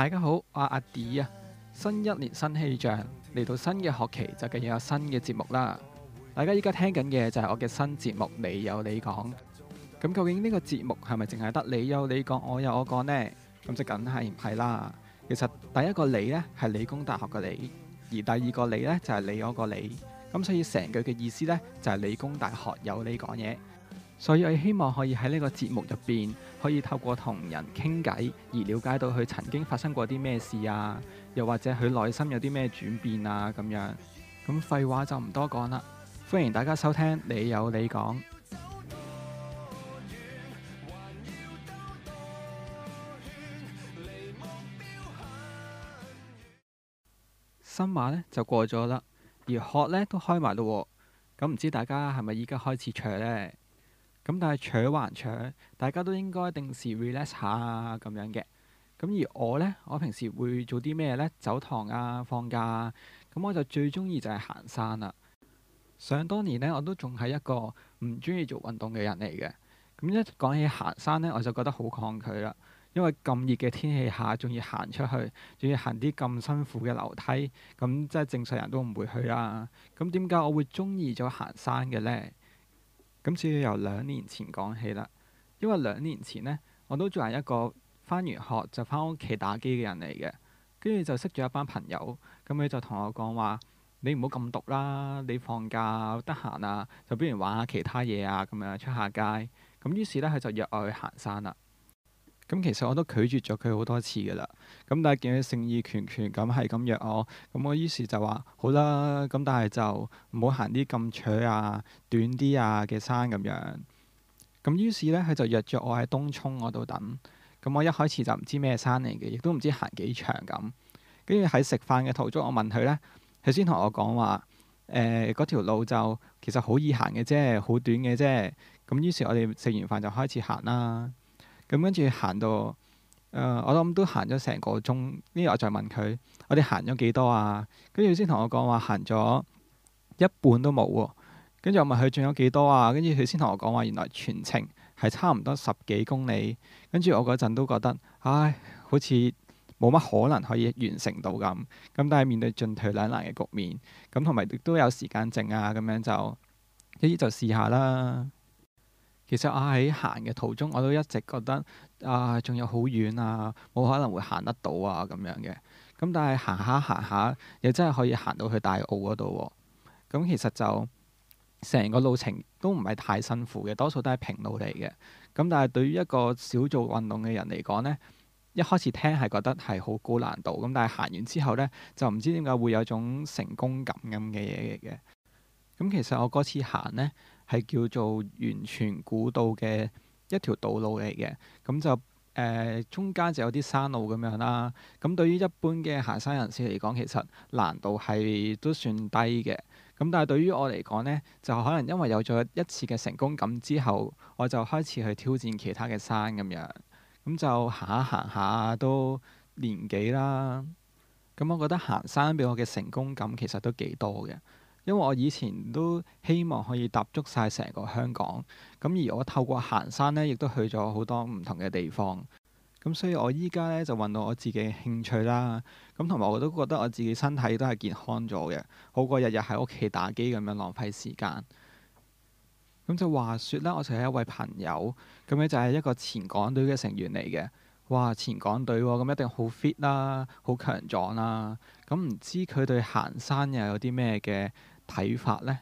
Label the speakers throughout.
Speaker 1: 大家好，我阿 D 啊，新一年新氣象，嚟到新嘅學期就更有新嘅節目啦。大家依家聽緊嘅就係我嘅新節目，你有你講。咁究竟呢個節目係咪淨係得你有你講，我有我講呢？咁即梗係唔係啦。其實第一個你呢係理工大學嘅你，而第二個你呢就係你嗰個你，咁所以成句嘅意思呢，就係、是、理工大學有你講嘢。所以我希望可以喺呢個節目入邊，可以透過同人傾偈而了解到佢曾經發生過啲咩事啊，又或者佢內心有啲咩轉變啊，咁樣，咁廢話就唔多講啦。歡迎大家收聽，理有你講。新馬呢就過咗啦，而殼呢都開埋嘞喎。咁唔知大家係咪依家開始唱呢？咁但係搶還搶，大家都應該定時 relax 下啊，咁樣嘅。咁而我呢，我平時會做啲咩呢？走堂啊，放假啊，咁我就最中意就係行山啦。想當年呢，我都仲係一個唔中意做運動嘅人嚟嘅。咁一講起行山呢，我就覺得好抗拒啦。因為咁熱嘅天氣下，仲要行出去，仲要行啲咁辛苦嘅樓梯，咁即係正常人都唔會去啦，啊。咁點解我會中意咗行山嘅呢？咁主要由兩年前講起啦，因為兩年前呢，我都仲係一個返完學就返屋企打機嘅人嚟嘅，跟住就識咗一班朋友，咁佢就同我講話：你唔好咁毒啦，你放假得閒啊，就不如玩下其他嘢啊，咁樣出下街。咁於是呢，佢就約我去行山啦。咁其實我都拒絕咗佢好多次㗎喇，咁但係見佢誠意拳拳咁係咁約我，咁我於是就話好啦，咁但係就唔好行啲咁長啊、短啲啊嘅山咁樣。咁於是呢，佢就約咗我喺東涌嗰度等。咁我一開始就唔知咩山嚟嘅，亦都唔知行幾長咁。跟住喺食飯嘅途中，我問佢呢，佢先同我講話，誒、呃、嗰條路就其實好易行嘅啫，好短嘅啫。咁於是我哋食完飯就開始行啦。咁跟住行到，誒、呃、我諗都行咗成個鐘。跟住我再問佢，我哋行咗幾多啊？跟住佢先同我講話行咗一半都冇喎。跟住我問佢，仲有幾多啊？跟住佢先同我講話，原來全程係差唔多十幾公里。跟住我嗰陣都覺得，唉、哎，好似冇乜可能可以完成到咁。咁但係面對進退兩難嘅局面，咁同埋都有時間剩啊，咁樣就，就試一於就試下啦。其實我喺行嘅途中，我都一直覺得啊，仲有好遠啊，冇可能會行得到啊咁樣嘅。咁但係行下行下，又真係可以行到去大澳嗰度喎。咁、嗯、其實就成個路程都唔係太辛苦嘅，多數都係平路嚟嘅。咁、嗯、但係對於一個少做運動嘅人嚟講呢，一開始聽係覺得係好高難度。咁、嗯、但係行完之後呢，就唔知點解會有種成功感咁嘅嘢嚟嘅。咁、嗯、其實我嗰次行呢，係叫做元荃古道嘅一條道路嚟嘅，咁就誒、呃、中間就有啲山路咁樣啦。咁對於一般嘅行山人士嚟講，其實難度係都算低嘅。咁但係對於我嚟講呢，就可能因為有咗一次嘅成功感之後，我就開始去挑戰其他嘅山咁樣。咁就行下行下都年紀啦。咁我覺得行山俾我嘅成功感其實都幾多嘅。因為我以前都希望可以踏足晒成個香港，咁而我透過行山呢，亦都去咗好多唔同嘅地方，咁所以我依家呢，就搵到我自己嘅興趣啦，咁同埋我都覺得我自己身體都係健康咗嘅，好過日日喺屋企打機咁樣浪費時間。咁就話說咧，我就有一位朋友，咁咧就係一個前港隊嘅成員嚟嘅，哇！前港隊喎、哦，咁一定好 fit 啦，好強壯啦，咁唔知佢對行山又有啲咩嘅睇法呢？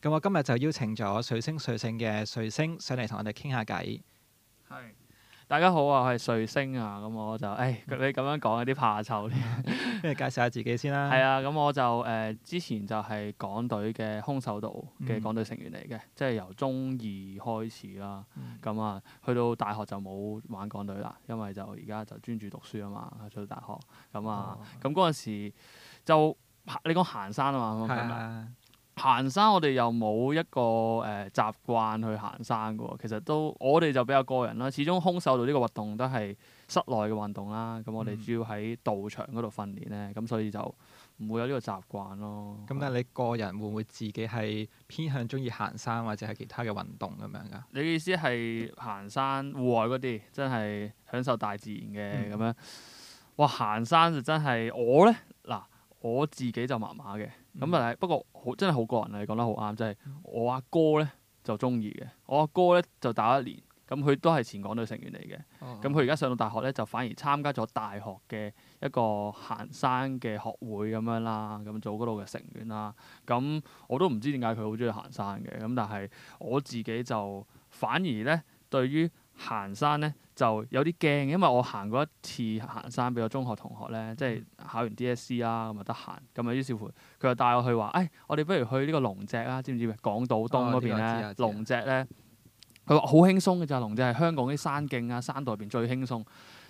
Speaker 1: 咁我今日就邀請咗瑞星、瑞星嘅瑞星上嚟同我哋傾下偈。係，大家好啊，我係瑞星啊。咁我就誒、哎，
Speaker 2: 你咁樣講有啲怕醜，跟住 介紹下自己先啦。係啊，咁我就誒、呃，之前就係港隊嘅空手道嘅港隊成員嚟嘅，嗯、即係由中二開始啦。咁啊、嗯，嗯、去到大學就冇玩港隊啦，因為就而家就專注讀書啊嘛。去到大學咁啊，咁嗰陣時就。你講行山啊嘛，啊行山我哋又冇一個誒習慣去行山嘅喎。其實都我哋就比較個人啦。始終空手道呢個運動都係室內嘅運動啦。咁我哋
Speaker 1: 主要喺道場嗰度訓練咧，咁、嗯、所以就唔會有呢個習慣咯。咁但係你個人會唔會自己係偏向鍾意行山或者係其他嘅運動咁樣㗎？你嘅意
Speaker 2: 思係行山戶外嗰啲真係享受大自然嘅咁、嗯、樣哇？行山就真係我咧嗱。我自己就麻麻嘅，咁但係、嗯、不過好真係好個人啊！你講得好啱，即係我阿哥咧就中意嘅，我阿哥咧就大我一年，咁佢都係前港隊成員嚟嘅，咁佢而家上到大學咧就反而參加咗大學嘅一個行山嘅學會咁樣啦，咁做嗰度嘅成員啦，咁我都唔知點解佢好中意行山嘅，咁但係我自己就反而咧對於行山咧，就有啲驚，因為我行過一次行山俾我中學同學咧，即係考完 DSE 啦，咁啊得閒咁啊。於是乎佢就帶我去話，誒，我哋不如去呢個龍脊啊，知唔知？港島東嗰邊咧，龍脊咧，佢話好輕鬆嘅咋，係龍脊係香港啲山徑啊，山度入邊最輕鬆。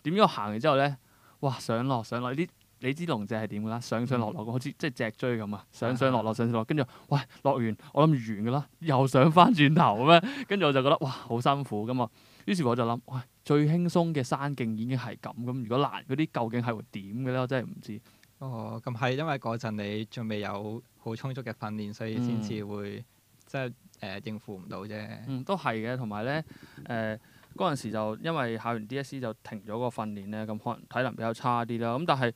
Speaker 2: 點知我行完之後咧，哇，上落上落，你知龍脊係點㗎啦？上上落落，好似即係脊椎咁啊！上上落落上上落，跟住喂，落完，我諗完㗎啦，又上翻轉頭咁樣，跟住我就覺得哇好辛苦咁啊。於是乎我就諗，喂。最輕鬆嘅山徑已經係咁，咁如果難嗰啲
Speaker 1: 究竟係會點嘅咧？我真係唔知。哦，咁係因為嗰陣你仲未有好充足嘅訓練，所以先至會即係誒應付唔到啫。嗯，都係嘅，同埋咧
Speaker 2: 誒嗰陣時就因為考完 DSE 就停咗個訓練咧，咁可能體能比較差啲啦。咁但係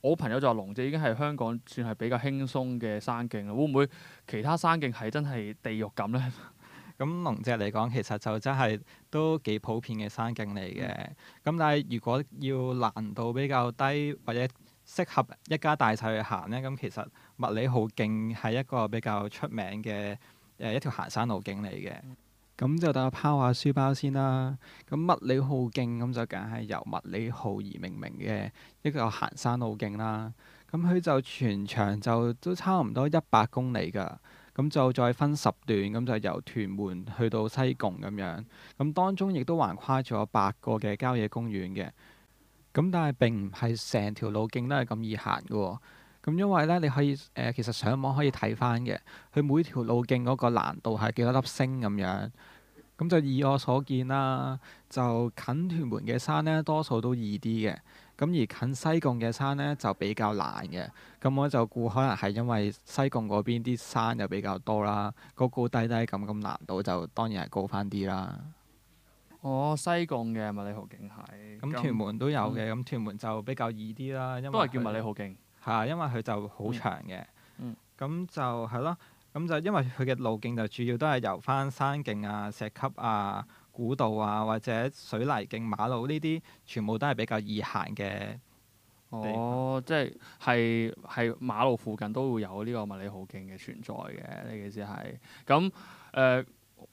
Speaker 2: 我朋友就話龍脊已經係香港算係比較輕鬆嘅山徑啦，
Speaker 1: 會唔會其他山徑係真係地獄咁咧？咁龍脊嚟講，其實就真係都幾普遍嘅山徑嚟嘅。咁、嗯、但係如果要難度比較低，或者適合一家大細去行呢，咁其實麥理浩徑係一個比較出名嘅誒、呃、一條行山路徑嚟嘅。咁、嗯、就等我拋下書包先啦。咁麥理浩徑咁就梗係由麥理浩而命名嘅一個行山路徑啦。咁佢就全長就都差唔多一百公里㗎。咁就再分十段，咁就由屯門去到西貢咁樣。咁當中亦都橫跨咗八個嘅郊野公園嘅。咁但係並唔係成條路徑都係咁易行嘅。咁因為呢，你可以誒、呃，其實上網可以睇返嘅，佢每條路徑嗰個難度係幾多粒星咁樣。咁就以我所見啦，就近屯門嘅山呢，多數都易啲嘅。咁而近西貢嘅山呢，就比較難嘅，咁我就估可能係因為西貢嗰邊啲山又比較多啦，高高低低咁，咁難度就當然係高翻啲啦。
Speaker 2: 哦，西貢嘅
Speaker 1: 麥理浩徑係。咁屯門都有嘅，咁、嗯、屯門就比較易啲啦，因為叫麥理浩徑嚇，因為佢就好長嘅、嗯。嗯。咁就係咯，咁就因為佢嘅路徑就主要都係由翻山徑啊、石級啊。古道啊，或者水泥徑、馬路呢啲，全部都係比較易行嘅。下哦，即係係係馬路附近都會有呢個麥理浩徑
Speaker 2: 嘅存在嘅，你意思係。咁誒、呃，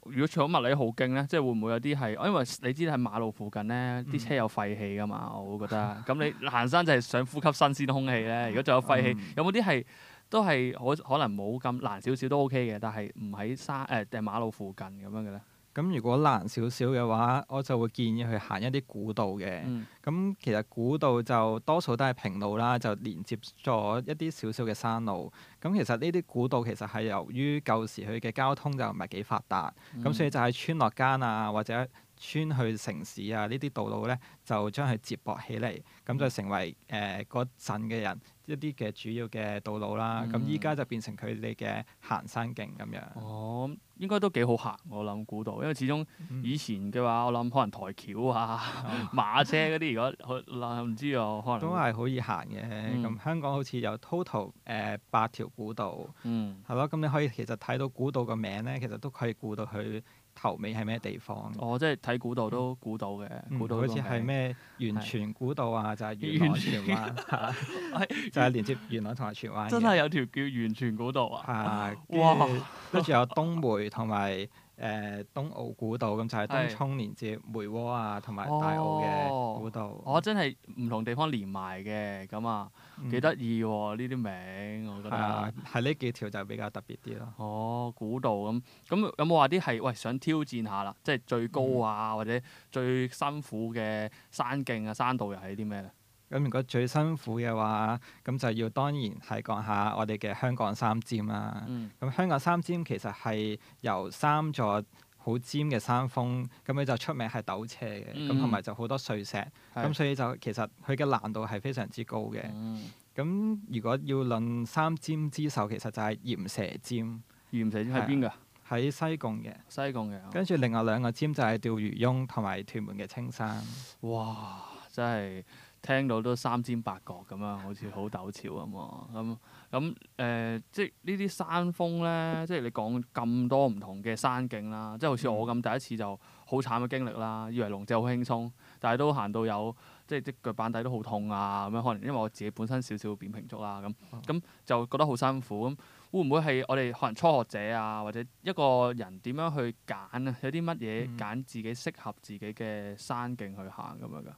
Speaker 2: 如果除咗麥理浩徑呢，即係會唔會有啲係？因為你知道喺馬路附近呢啲、嗯、車有廢氣㗎嘛，我會覺得。咁 你行山就係想呼吸新鮮空氣呢，如果仲有廢氣，嗯、有冇啲係都係可可能冇
Speaker 1: 咁難少少都 OK 嘅，但係唔喺沙誒定、呃、馬路附近咁樣嘅呢？咁如果難少少嘅話，我就會建議去行一啲古道嘅。咁、嗯、其實古道就多數都係平路啦，就連接咗一啲少少嘅山路。咁其實呢啲古道其實係由於舊時佢嘅交通就唔係幾發達，咁、嗯、所以就喺村落間啊，或者村去城市啊呢啲道路咧，就將佢接駁起嚟，咁、嗯、就成為誒嗰陣嘅人。一啲嘅主要嘅道路啦，咁依家就變成佢哋嘅行山徑咁樣。哦，應該都幾好行，我諗古道，因為始終以
Speaker 2: 前嘅話，嗯、我諗可能抬轎啊、嗯、 馬車嗰啲，如果唔知啊，可能
Speaker 1: 都係可以行嘅。咁、嗯、香港好似有 total 誒、呃、八條古道，係咯、嗯，咁你可以其實睇到古道個名咧，其實都可以估到佢。頭尾係咩地方？我、哦、即係睇古道都估到嘅，嗯、古道、嗯、好似係咩元荃古道啊，是就係元朗荃灣，就係連接元朗同埋荃灣。真係有條叫元荃古道啊！係、啊、哇，跟住有東梅同埋誒東澳古道，咁就係、是、東涌連接梅窩啊，同埋大澳嘅古道。哦，我真係唔同地方連
Speaker 2: 埋嘅咁啊！幾得意喎呢啲名，我覺得係呢幾條就比較特別啲咯。哦，古道咁咁有冇話啲係喂，想挑戰下啦，即係最高啊、
Speaker 1: 嗯、或者最辛苦嘅
Speaker 2: 山徑啊山道又係啲咩咧？
Speaker 1: 咁如果最辛苦嘅話，咁就要當然係講下我哋嘅香港三尖啦、啊。咁、嗯、香港三尖其實係由三座好尖嘅山峰，咁佢就出名係陡斜嘅，咁同埋就好多碎石，咁是所以就其實佢嘅難度係非常之高嘅。咁、嗯、如果要論三尖之首，其實就係鹽蛇尖。鹽蛇尖喺邊㗎？喺西貢嘅。西貢嘅。跟住另外兩個尖就係釣魚翁同埋屯門嘅青山。哇！真係～聽到都三
Speaker 2: 尖八角咁樣，好似好陡峭咁喎。咁咁誒，即係呢啲山峰咧，即係你講咁多唔同嘅山徑啦，即係好似我咁第一次就好慘嘅經歷啦。以為龍脊好輕鬆，但係都行到有，即係隻腳板底都好痛啊咁樣。可能因為我自己本身少少扁平足啦，咁、嗯、咁、嗯、就覺得好辛苦。咁會唔會係我哋可能初學者啊，或者一個人點樣去揀啊？有啲乜嘢揀自己適合自己嘅山徑去行咁樣㗎？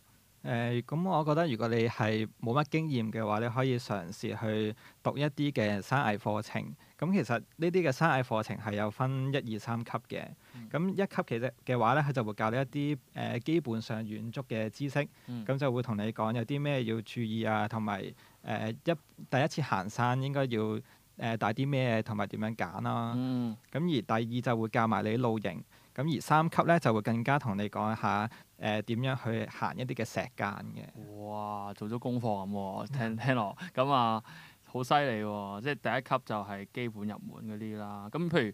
Speaker 1: 誒咁，呃、我覺得如果你係冇乜經驗嘅話，你可以嘗試去讀一啲嘅山藝課程。咁其實呢啲嘅山藝課程係有分一二三級嘅。咁、嗯、一級其實嘅話咧，佢就會教你一啲誒、呃、基本上遠足嘅知識。咁、嗯、就會同你講有啲咩要注意啊，同埋誒一第一次行山應該要誒、呃、帶啲咩啊，同埋點樣揀啦。咁而第二就會教埋你露營。咁而三級咧，就會更加同你講下誒、呃、點樣去行一啲嘅石澗嘅。哇！做咗功
Speaker 2: 課咁喎，聽聽落咁啊，好犀利喎！即係第一級就係基本入門嗰啲啦。咁譬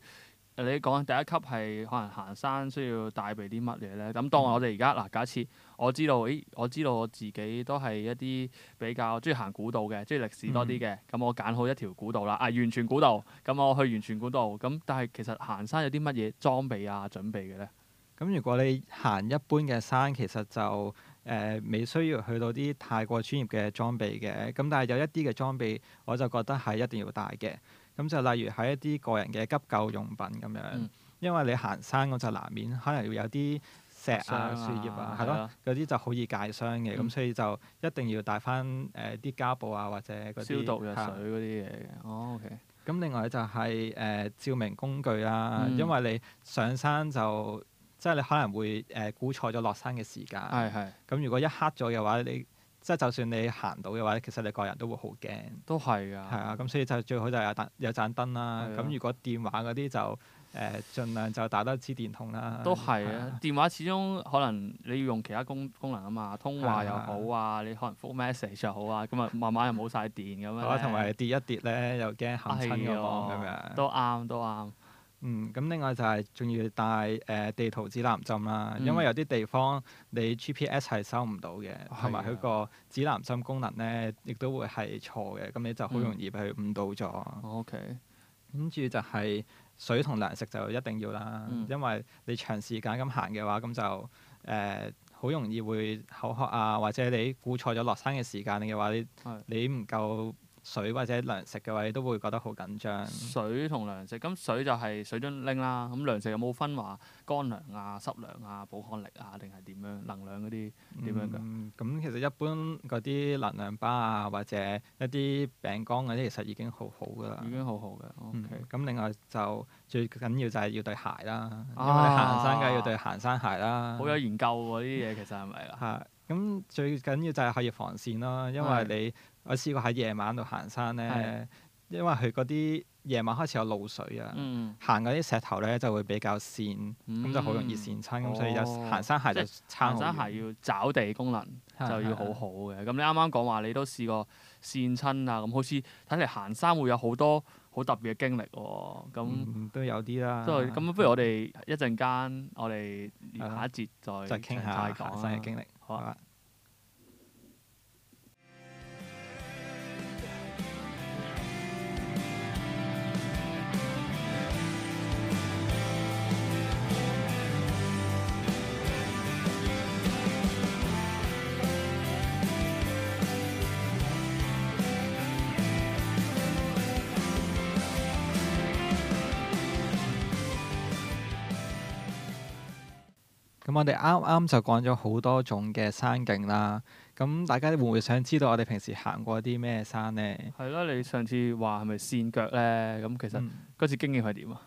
Speaker 2: 如你講第一級係可能行山需要帶備啲乜嘢咧？咁當我哋而家嗱，假設。我知道，咦、哎？我知道我自己都係一啲比較中意行古道嘅，中意歷史多啲嘅。咁、嗯、我揀好一條古道啦，啊，完全古道。咁我
Speaker 1: 去完全古道。咁但係其實行山有啲乜嘢裝備啊，準備嘅咧？咁如果你行一般嘅山，其實就誒未、呃、需要去到啲太過專業嘅裝備嘅。咁但係有一啲嘅裝備，我就覺得係一定要帶嘅。咁就例如喺一啲個人嘅急救用品咁樣，嗯、因為你行山咁就難免可能要有啲。石啊、樹葉啊，係咯，嗰啲就好易界傷嘅，咁、嗯、所以就一定要帶翻誒啲膠布啊，或者嗰啲消毒藥水嗰啲嘢。哦咁、okay、另外就係、是、誒、呃、照明工具啦、啊，嗯、因為你上山就即係你可能會誒估錯咗落山嘅時間。咁如果一黑咗嘅話，你即係就算你行到嘅話，其實你個人都會好驚。都係啊。係啊的，咁所以就最好就係有有盞燈啦。咁的如果電話嗰啲就～誒，盡量就打多支電筒啦。都係啊，啊電話
Speaker 2: 始終可能你要用其他功功能啊嘛，通話又好啊，是啊你可能覆 message
Speaker 1: 又好啊，咁啊，慢慢又冇晒電咁樣。同埋跌一跌咧，又驚行親㗎嘛，咁樣、哎。都啱，都啱。嗯，咁另外就係仲要帶誒、呃、地圖指南針啦，因為有啲地方你 G.P.S 係收唔到嘅，同埋佢個指南針功能咧亦都會係錯嘅，咁你就好容易畀佢誤導咗。O.K. 跟住就係、是。水同糧食就一定要啦，嗯、因為你長時間咁行嘅話，咁就誒好、呃、容易會口渴啊，或者你估錯咗落山嘅時間嘅話，你是的 你唔夠。水或者糧食嘅話，你都會覺得好緊張。水
Speaker 2: 同糧食，咁水就係水樽拎啦。咁糧食有冇分話乾糧啊、濕糧啊、
Speaker 1: 寶礦力啊，定係點樣能量嗰啲點樣㗎？咁、嗯、其實一般嗰啲能量包啊，或者一啲餅乾嗰啲，其實已經好好㗎啦。已經好好㗎。O、okay、K。咁、嗯、另外就最緊要就係要對鞋啦，啊、因為你行山梗係要對行山鞋啦。好有研
Speaker 2: 究喎！啲嘢其實係咪啊？
Speaker 1: 係。 咁最緊要就係要防曬啦，因為你。我試過喺夜晚度行山咧，因為佢嗰啲夜晚開始有露水啊，嗯、行嗰啲石頭咧就會比較跣，咁、嗯、就好容易跣親，哦、所以有行山鞋就行山鞋
Speaker 2: 要抓地功能的就要好好嘅。咁的你啱啱講話你都試過跣親啊，咁好似睇嚟行山會有好多好特別嘅經歷喎。咁都、嗯、有啲啦。咁，不如我哋一陣間，的我哋下一節再再傾下行山嘅經歷。的好啊
Speaker 3: 的。好
Speaker 1: 我哋啱啱就講咗好多種嘅山景啦，咁大家會唔會想知道我哋平時行過啲咩山呢？係啦，你上次話係咪跣腳呢？咁其實嗰、嗯、次經驗係點啊？誒、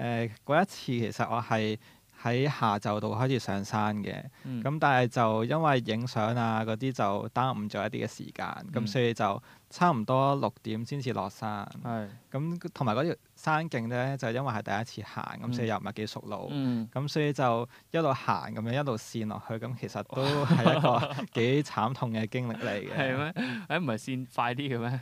Speaker 1: 呃，嗰一次其實我係喺下晝度開始上山嘅，咁、嗯、但係就因為影相啊嗰啲就耽誤咗一啲嘅時間，咁、嗯、所以就差唔多六點先至落山。係是，咁同埋嗰條。山徑咧就因為係第一次行，咁所以又唔係幾熟路，咁、嗯、所以就一路行咁樣一路跣落去，咁其實都係一個幾慘痛嘅經歷嚟嘅。係咩？ 誒唔係跣快啲嘅咩？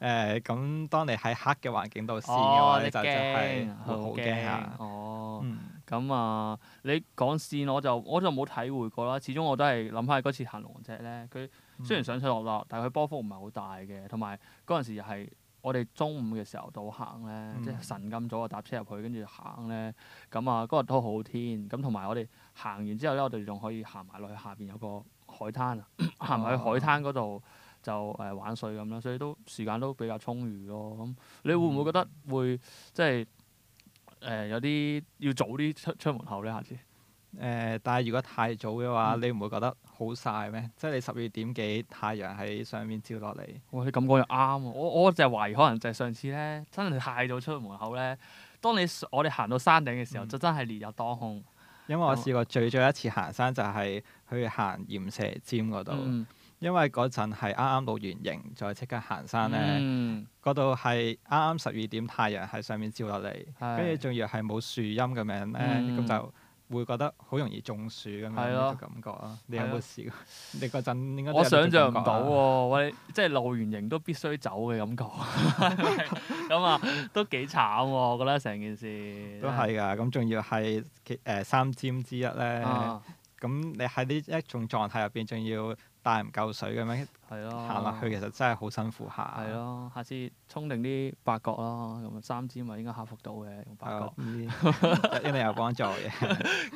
Speaker 1: 誒咁、欸，當你喺黑嘅環境度
Speaker 2: 跣嘅話咧、哦，就就係會好驚啊！哦，咁啊、嗯，uh, 你講跣我就我就冇體會過啦。始終我都係諗翻起嗰次行龍脊咧，佢雖然上上落落，但係佢波幅唔係好大嘅，同埋嗰陣時又係。我哋中午嘅時候到行咧，嗯、即係晨咁早啊搭車入去，跟住行咧，咁啊嗰日都好天，咁同埋我哋行完之後咧，我哋仲可以行埋落去下邊有個海灘啊，行埋去海灘嗰度就誒、呃、玩水咁啦，所以都時間都比較充裕咯。咁你會唔會覺得會
Speaker 1: 即係誒、呃、有啲要早啲出出門口咧？下次？誒，但係如果太早嘅話，你唔會覺得好晒咩？即係你十二點幾，太陽喺上面照落嚟。哇！你咁講又啱喎。我我就係懷疑可能就係上次咧，真係太早出
Speaker 2: 門口咧。當你我哋行到山頂嘅時候，就真係烈日當空。因為我試
Speaker 1: 過最早一次行山就係去行鹽蛇尖嗰度，因為嗰陣係啱啱露完營，再即刻行山咧。嗰度係啱啱十二點，太陽喺上面照落嚟，跟住仲要係冇樹蔭嘅樣咧，咁就～會覺得好容易中暑咁樣嘅感覺啊！你有冇試過？你嗰陣應該我想象唔到喎，喂，即係露完營都必須走嘅感覺。咁啊、 嗯，都幾慘喎、啊！我覺得成件事、嗯、都係㗎。咁仲要係誒、呃、三尖之一咧。咁、啊、你喺呢一種狀態入邊，仲要。但帶唔夠水嘅咩？行落的去，其實真係好辛苦下係咯，下次沖定啲八角咯，咁三
Speaker 2: 支咪應該克服到嘅。用八角，因為有幫助嘅。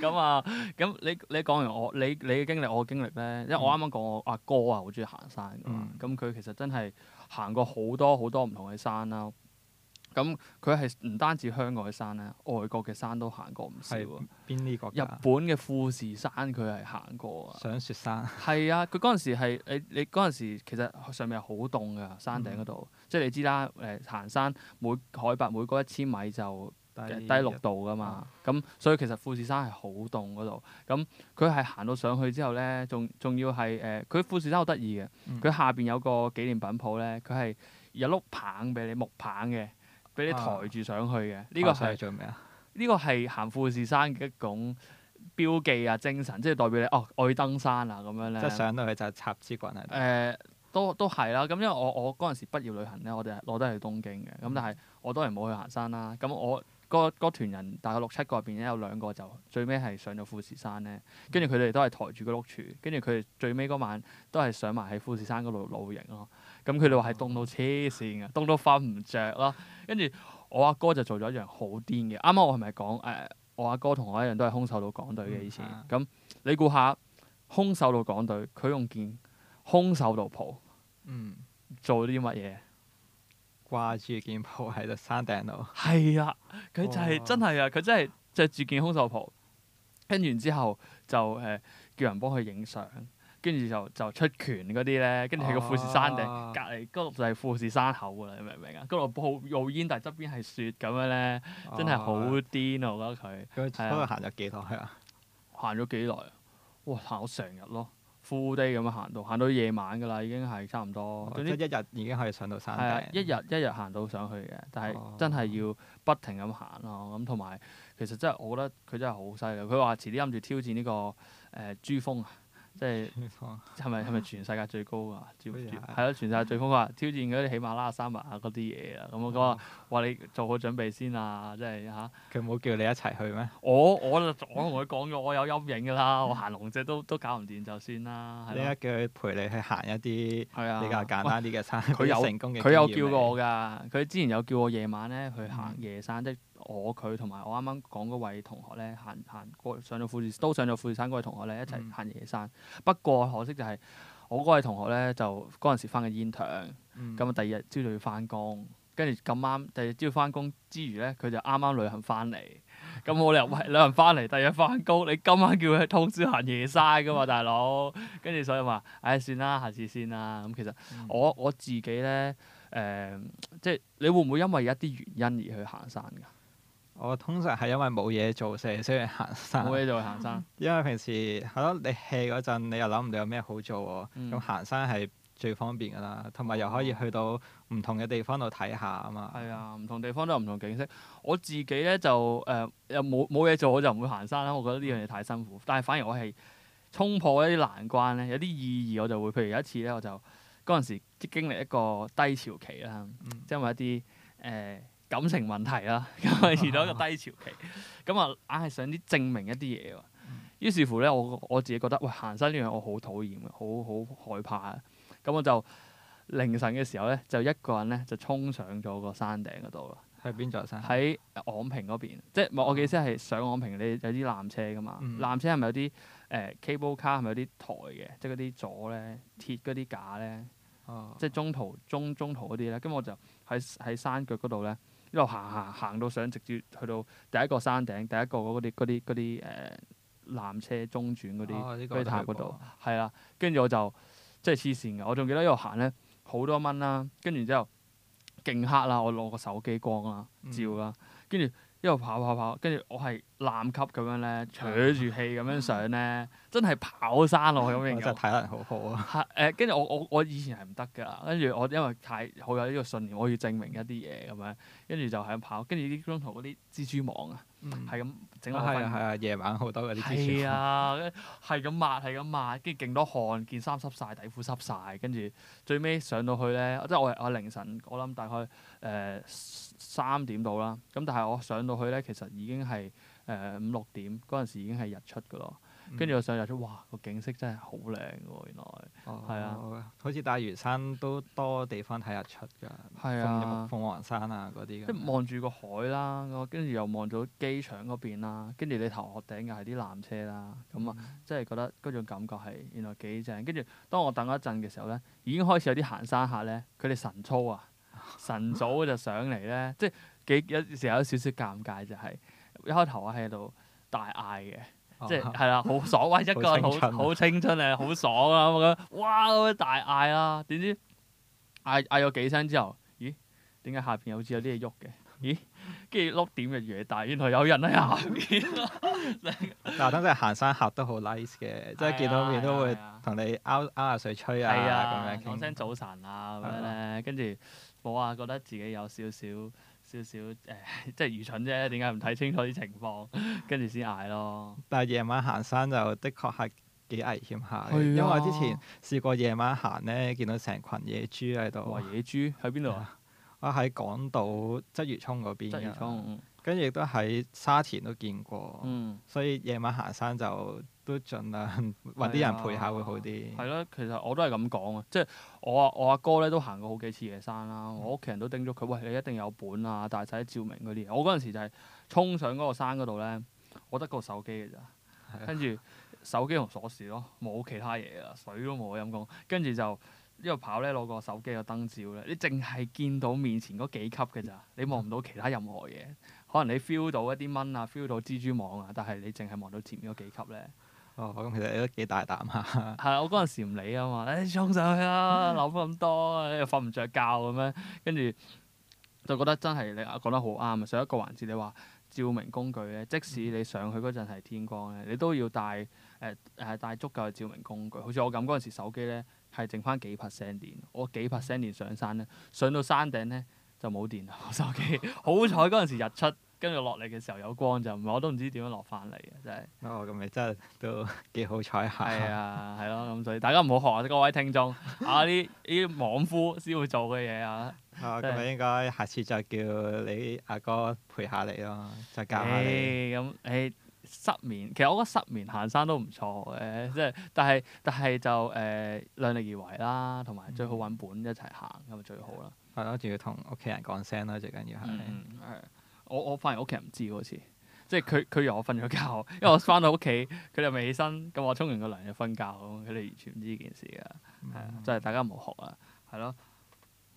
Speaker 2: 咁啊， 咁你你講完我你你嘅經歷，我嘅經歷咧，因為我啱啱講我阿哥、嗯、啊，好中意行山㗎嘛。咁佢、嗯、其實真係行過好多好多唔同嘅山啦。咁佢係唔單止香港嘅山咧，外國嘅山都行過唔少。邊啲國家？日本嘅富士山佢係行過，上雪山。係 啊，佢嗰陣時係你你嗰陣時其實上面係好凍噶，山頂嗰度。嗯、即係你知啦，誒、呃、行山每海拔每高一千米就低六日度㗎嘛。咁、嗯嗯嗯、所以其實富士山係好凍嗰度。咁佢係行到上去之後咧，仲仲要係誒，佢、呃、富士山好得意嘅。佢下邊有個紀念品鋪咧，佢係有碌棒俾你木棒嘅。俾你抬住上去嘅，呢個係做咩啊？呢個係、啊、行富士山嘅一種標記啊，精神，即係代表你哦，我要登山啊咁樣咧。即係上到去就插支棍喺、啊、度。誒、呃，都都係啦。咁、嗯、因為我我嗰陣時畢業旅行咧，我哋係攞得去東京嘅。咁、嗯、但係我當然冇去行山啦。咁我嗰嗰團人大概六七個入邊咧，有兩個就最尾係上咗富士山咧。跟住佢哋都係抬住嗰碌柱，跟住佢哋最尾嗰晚都係上埋喺富士山嗰度露營咯。咁佢哋話係凍到黐線嘅，凍到瞓唔著咯。跟住我阿哥,哥就做咗一樣好癲嘅。啱啱我係咪講誒？我阿哥同我一樣都係空手道港隊嘅以前。咁、嗯啊嗯、你估下，空手道港隊，佢用件空手道袍、嗯、做啲乜嘢？掛住件袍喺度山頂度。係啊，佢就係、是、哇真係啊！佢真係著住件空手袍，聽完之後就誒、呃、叫人幫佢影相。跟住就就出拳嗰啲咧，跟住喺個富士山頂隔離，嗰度就係富士山口啦。你明唔明啊？嗰度好冒煙，但側邊係雪咁樣咧，哦、真係好癲啊！嗯、我覺得佢佢嗰日行咗幾耐啊？行咗幾耐啊？哇！行咗成日咯，full day 咁樣行到，行到夜晚噶啦，已經係差唔多。總之、哦、有一日已經可以上到山頂。啊、一日一日行到上去嘅，但係真係要不停咁行咯。咁同埋其實真係我覺得佢真係好犀利。佢話遲啲諗住挑戰呢個誒珠峰。啊！即係係咪係咪全世界最高啊？挑挑，係咯， 全世界最高啊！挑戰嗰啲喜馬拉雅山脈啊嗰啲嘢啊，咁我講啊～ 話你做好準備先啊！即係吓。
Speaker 1: 佢、啊、冇叫你一齊去咩？我
Speaker 2: 我就我同佢講咗，我有陰影噶啦， 我行龍脊都都搞唔掂，就算啦。呢一
Speaker 1: 叫佢陪你去行一啲比
Speaker 2: 較簡單啲嘅山，比較成功嘅經驗。佢、啊、有佢有叫過我㗎。佢你之前有叫我夜晚咧去行夜山，即係、嗯、我佢同埋我啱啱講嗰位同學咧行行過上到富士都上到富士山嗰位同學咧一齊行夜山。嗯、不過可惜就係我嗰位同學咧就嗰陣時翻緊煙塘，咁啊、嗯、第二日朝早上要翻工。跟住咁啱第二朝翻工之餘咧，佢就啱啱旅行翻嚟。咁冇理由旅行翻嚟，第二日翻工。你今晚叫佢通宵行夜山噶嘛，大佬？跟住所以話，唉、哎，算啦，下次先啦。咁其實我我自己咧，誒、呃，即係你會唔會因為一啲原因而去行
Speaker 1: 山㗎？我通常係因為冇嘢做先先去行山。冇嘢做行山，因為平時係咯，你 hea 嗰陣你又諗唔到有咩好做喎。咁、嗯、行山係最方便㗎啦，同埋又可以去到。唔同嘅地方度睇下啊嘛，係啊，唔同地方都有唔同景
Speaker 2: 色。我自己咧就誒又冇冇嘢做，我就唔會行山啦。我覺得呢樣嘢太辛苦。但係反而我係衝破一啲難關咧，有啲意義我。我就會譬如有一次咧，我就嗰陣時經歷一個低潮期啦，即係因為一啲誒、呃、感情問題啦，咁啊、嗯、 遇到一個低潮期，咁啊硬係想啲證明一啲嘢喎。嗯、於是乎咧，我我,我自己覺得喂行山呢樣嘢我好討厭，好好害怕啊。咁我就。凌晨嘅時候咧，就一個人咧就衝上咗個山頂嗰度咯。
Speaker 1: 喺邊座山？喺
Speaker 2: 昂坪嗰邊，即係我嘅意思係上昂坪，你有啲纜車噶嘛？纜車係咪有啲誒 cable car 係咪有啲台嘅？即係嗰啲座咧，鐵嗰啲架咧，即係中途中中途嗰啲咧。咁我就喺喺山腳嗰度咧，一路行行行到上，直接去到第一個山頂，第一個嗰啲嗰啲嗰啲誒纜車中轉嗰啲嗰啲塔嗰度。係啦，跟住我就即係黐線㗎！我仲記得一路行咧。好多蚊啦，跟住之後勁黑啦，我攞個手機光啦照啦，跟住、嗯、一路跑跑跑，跟住我係。攬級咁樣咧，喘住氣咁、嗯、樣上咧、啊，真係跑山落去咁樣。我真係體能好好啊！係、啊、跟住我我我以前係唔得㗎，跟住我因為太好有呢個信念，我要證明一啲嘢咁樣，跟住就係咁跑。跟住啲中途嗰啲蜘蛛網啊，係咁整落去。係啊，
Speaker 1: 夜晚好多嗰啲
Speaker 2: 蜘蛛網。啊，跟係咁抹係咁抹，跟住勁多汗，件衫濕晒，底褲濕晒。跟住最尾上到去咧，即係我係我凌晨我諗大概誒、呃、三點到啦。咁但係我上到去咧，其實已經係。誒五六點嗰陣時已經係日出㗎咯，跟住我上去日出，哇個景色真
Speaker 1: 係好靚喎！原來係、哦、啊，好似大嶼山都多地方睇日出㗎，鳳鳳、啊、凰山啊嗰啲，即係望住個海
Speaker 2: 啦，跟住又望到機場嗰邊啦，跟住你頭殼頂又係啲纜車啦，咁啊、嗯，即係覺得嗰種感覺係原來幾正。跟住當我等咗一陣嘅時候咧，已經開始有啲行山客咧，佢哋晨操啊， 晨早就上嚟咧，即係幾有時有少少尷尬就係、是。一開頭我喺度大嗌嘅，哦、即係係啦，好爽， 一個好好青春啊，好 爽啊咁樣，哇咁樣大嗌啦，點知嗌嗌咗幾聲之後，咦？點解下邊有好似有啲嘢喐嘅？咦？
Speaker 1: 跟住碌點嘅嘢大，原來有人喺下邊。嗱、 啊，真真行山行得好 nice 嘅，啊、即係見到面都會同你拗拗下水吹啊咁、啊、樣，講聲早
Speaker 2: 晨啊咁樣咧，跟住我啊覺得自己有少少。少少誒，
Speaker 1: 即係愚蠢啫。點解唔睇清楚啲情況？ 跟住先嗌咯。但係夜晚行山就的確係幾危險下、啊、因為之前試過夜晚行咧，見到成群野豬喺度。哇！野豬喺邊度啊？ 我喺港島執業涌嗰邊。跟住亦都喺沙田都見過。嗯、所以夜晚行山就～都盡量，揾啲人陪下會好啲。係咯，其實我都係咁講啊，即係我啊，
Speaker 2: 我阿哥咧都行過好幾次嘅山啦。嗯、我屋企人都叮囑佢，喂，你一定有本啊、但大仔照明嗰啲嘢。我嗰陣時就係衝上嗰個山嗰度咧，我得個手機嘅咋，跟住的手機同鎖匙咯，冇其他嘢啦，水都冇陰公。跟住就一路跑咧，攞個手機個燈照咧，你淨係見到面前嗰幾級嘅咋，你望唔到其他任何嘢。 可能你 feel 到一啲蚊啊，feel 到蜘蛛網啊，但係你淨係望到前面嗰幾級咧。哦，咁其實你都幾大膽下。係啊，我嗰陣時唔理啊嘛，誒衝上去啦、啊，諗咁多你又瞓唔著覺咁樣，跟住就覺得真係你講得好啱啊！上一個環節你話照明工具咧，即使你上去嗰陣係天光咧，你都要帶誒誒、呃、帶足夠嘅照明工具。好似我咁嗰陣時手機咧係剩翻幾 percent 電，我幾 percent 電上山咧，上到山頂咧就冇電啦，我手機。 好彩嗰陣時日出。跟住落嚟嘅時候有光就，唔係我、哦、都唔知點樣落翻嚟嘅真係。啊咁咪真係都幾好彩下。係 啊，係咯、啊，咁、啊、所以大家唔好學下各位聽眾啊啲啲莽夫先會做嘅嘢啊。咁咪、哦、應該下次再叫你阿哥、哥陪下你咯，再教下你。咁、欸，唉失眠，其實我覺得失眠行山都唔錯嘅，即係 但係但係就誒、呃、量力而為啦，同埋最好揾伴一齊行咁咪、嗯、最好啦。係咯、啊，仲要同屋企人講聲啦，最緊要係、嗯。嗯，嗯嗯我我反而屋企人唔知喎，好似即係佢佢以為我瞓咗覺， 因為我翻到屋企，佢哋未起身，咁我沖完個涼就瞓覺，佢哋完全唔知呢件事嘅，係啊、嗯，真係、呃、大家唔好學啊，係咯。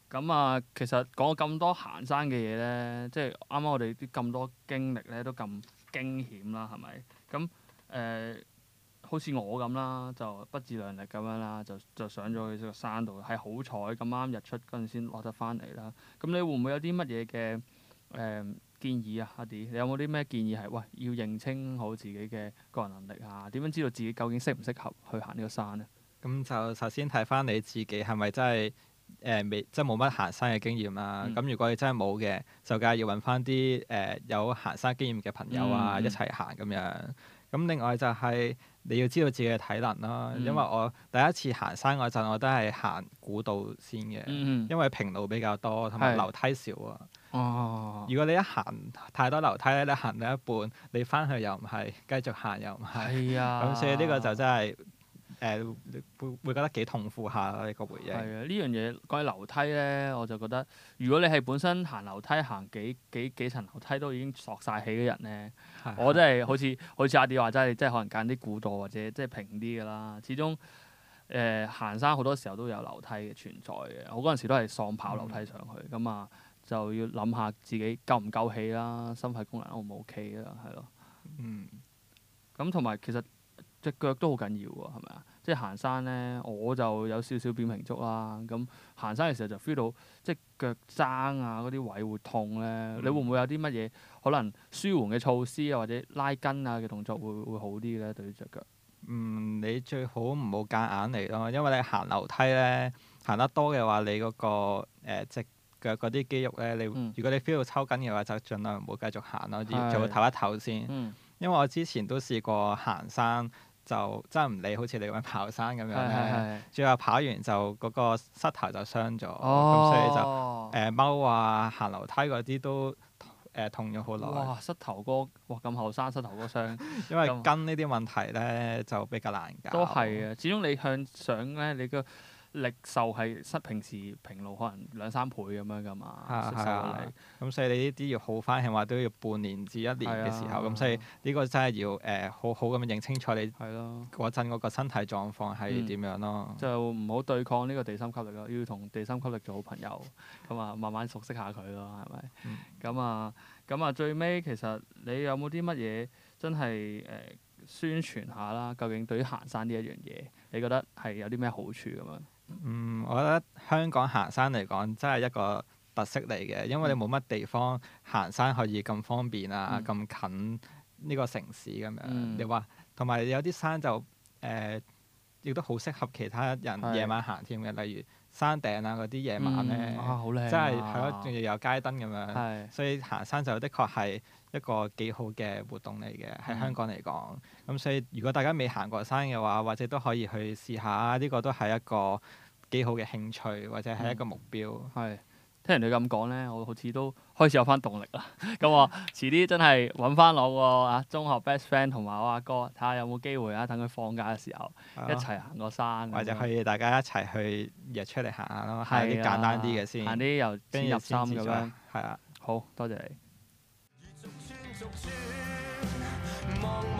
Speaker 2: 咁、嗯、啊、嗯，其實講咁多行山嘅嘢咧，即係啱啱我哋啲咁多經歷咧，都咁驚險啦，係咪？咁、呃、誒，好似我咁啦，就不自量力咁樣啦，就就上咗去個山度，係好彩咁啱日出嗰陣先落得翻嚟啦。咁你會唔會有啲乜嘢嘅誒？呃建議啊，阿 D，ee, 你有冇啲咩建議係？喂，要認清好自己嘅個人能力啊，點樣知道自己究竟適唔適合去行呢個山咧？
Speaker 1: 咁就首先睇翻你自己係咪真係誒未，即冇乜行山嘅經驗啦，啊。咁、嗯、如果你真係冇嘅，就梗係要揾翻啲誒有行山經驗嘅朋友啊，嗯嗯、一齊行咁樣。咁另外就係你要知道自己嘅體能啦，啊。嗯、因為我第一次行山嗰陣，我都係行古道先嘅，嗯、因為平路比較多，同埋樓梯少啊。哦！如果你一行太多樓梯咧，你行到一半，你翻去又唔係，繼續行又唔係，咁、哎呀嗯、所以呢個就真係誒會會覺得幾痛苦下啦呢個回憶。係啊、哎！關呢
Speaker 2: 樣嘢講起樓梯咧，我就覺得如果你係本身行樓梯行幾幾幾層樓梯都已經索晒氣嘅人咧，哎、呀我真係好似、嗯、好似阿 D 話齋，你真係可能揀啲古道或者即係平啲嘅啦。始終誒、呃、行山好多時候都有樓梯嘅存在嘅。我嗰陣時都係喪跑樓梯上去噶啊。嗯就要諗下自己夠唔夠氣啦，心肺功能 O 唔 O K 啦，係咯。嗯。咁同埋其實隻腳都好緊要喎，係咪啊？即係行山呢，我就有少少扁平足啦。咁、嗯、行山嘅時候就 feel 到即係腳踭啊，嗰啲位會痛呢，嗯、你會唔會有啲乜嘢可能舒緩嘅措施啊，或者拉筋啊嘅動作會會好啲呢？對於隻腳？嗯，
Speaker 1: 你最好唔好夾硬嚟咯，因為你行樓梯呢，行得多嘅話，你嗰、嗰個誒、呃、即嘅嗰啲肌肉咧，你、嗯、如果你 feel 到抽筋嘅話，就儘量唔好繼續行咯，要就唞一唞先。嗯、因為我之前都試過行山，就真係唔理，好似你咁樣跑山咁樣咧，係係係最後跑完就嗰、嗰個膝頭就傷咗，咁、哦、所以就誒踎、呃、啊行樓梯嗰啲都誒、呃、痛咗好耐。膝頭哥，哇咁後生膝頭哥傷， 因為筋呢啲問題咧
Speaker 2: 就比較難搞。都係啊，始終你向上咧，你個。力受係失平時平路可能兩三倍咁樣噶嘛，
Speaker 1: 咁、啊，力啊、所以你呢啲要好返，起碼都要半年至一年嘅時候咁，啊、所以呢個真係要誒、呃、好好咁認清，清楚你係咯嗰陣嗰個身體狀況係點樣咯？嗯、就唔好對抗呢個地心吸力咯，要同
Speaker 2: 地心吸力做好朋友咁啊， 慢慢熟悉下佢咯，係咪？咁、嗯、啊，咁啊，最尾其實你有冇啲乜嘢真係誒宣傳下啦？
Speaker 1: 究竟對於行山呢一樣嘢，你覺得係有啲咩好處咁樣？嗯，我覺得香港行山嚟講，真係一個特色嚟嘅，因為你冇乜地方行山可以咁方便啊，咁、嗯、近呢個城市咁樣。嗯、你話，同埋有啲山就誒、呃，亦都好適合其他人夜晚行添嘅，是例如山頂啊嗰啲夜晚咧，嗯哦啊、真好靚，係咯，仲要有街燈咁樣。是所以行山就的確係一個幾好嘅活動嚟嘅，喺、嗯、香港嚟講。咁所以如果大家未行過山嘅話，或者都可以去試下啊！呢、呢個都係一個幾好嘅興趣或者係一個目標，係、嗯、聽人哋咁講咧，我好似都開始有翻動力啦。咁
Speaker 2: 我遲啲真係揾翻我個啊中學 best friend 同埋我阿哥，哥，睇下有冇機會啊，等
Speaker 1: 佢放假嘅時候一齊行個山，或者可以大家一齊去日出嚟行下咯，係啲、啊、簡單啲嘅先，啊、行啲又比較入心咁樣，係啊，纏纏的好多謝你。組組組組
Speaker 3: 組望望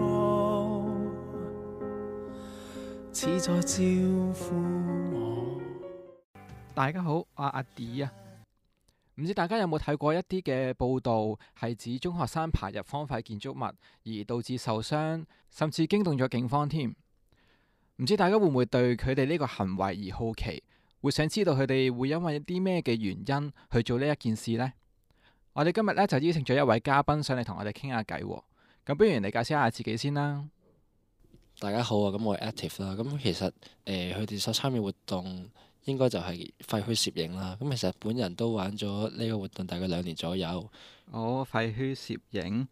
Speaker 3: 似在招呼我。
Speaker 1: 大家好，阿阿 D 啊，
Speaker 3: 唔知大家有冇睇
Speaker 1: 過一啲嘅報道，係指中學生爬入荒廢建築物而導致受傷，甚至驚動咗警方添。唔知大家會唔會對佢哋呢個行為而好奇，會想知道佢哋會因為一啲咩嘅原因去做呢一件事呢？我哋今日呢，就邀請咗一位嘉賓上嚟同我哋傾下偈，咁不如你介紹下自己
Speaker 4: 先啦。大家好啊，咁我係 Active 啦。咁其實誒，佢、呃、哋所參與活動應該就係廢墟攝影啦。咁其實本人都玩咗呢個活動大概兩年左右。哦，廢墟攝影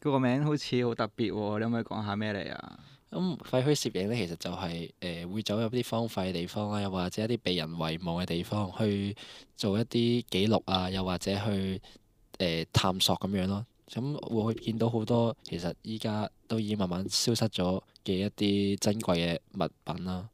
Speaker 4: 嗰、那個名好似好特別喎。哦，你可唔可以講下咩嚟啊？咁、嗯、廢墟攝影咧，其實就係、是、誒、呃、會走入啲荒廢嘅地方又或者一啲被人遺忘嘅地方去做一啲記錄啊，又或者去誒、呃、探索咁樣咯。咁、嗯、會見到好多其實依家，都已經慢慢消失咗嘅一啲珍貴嘅物品啦。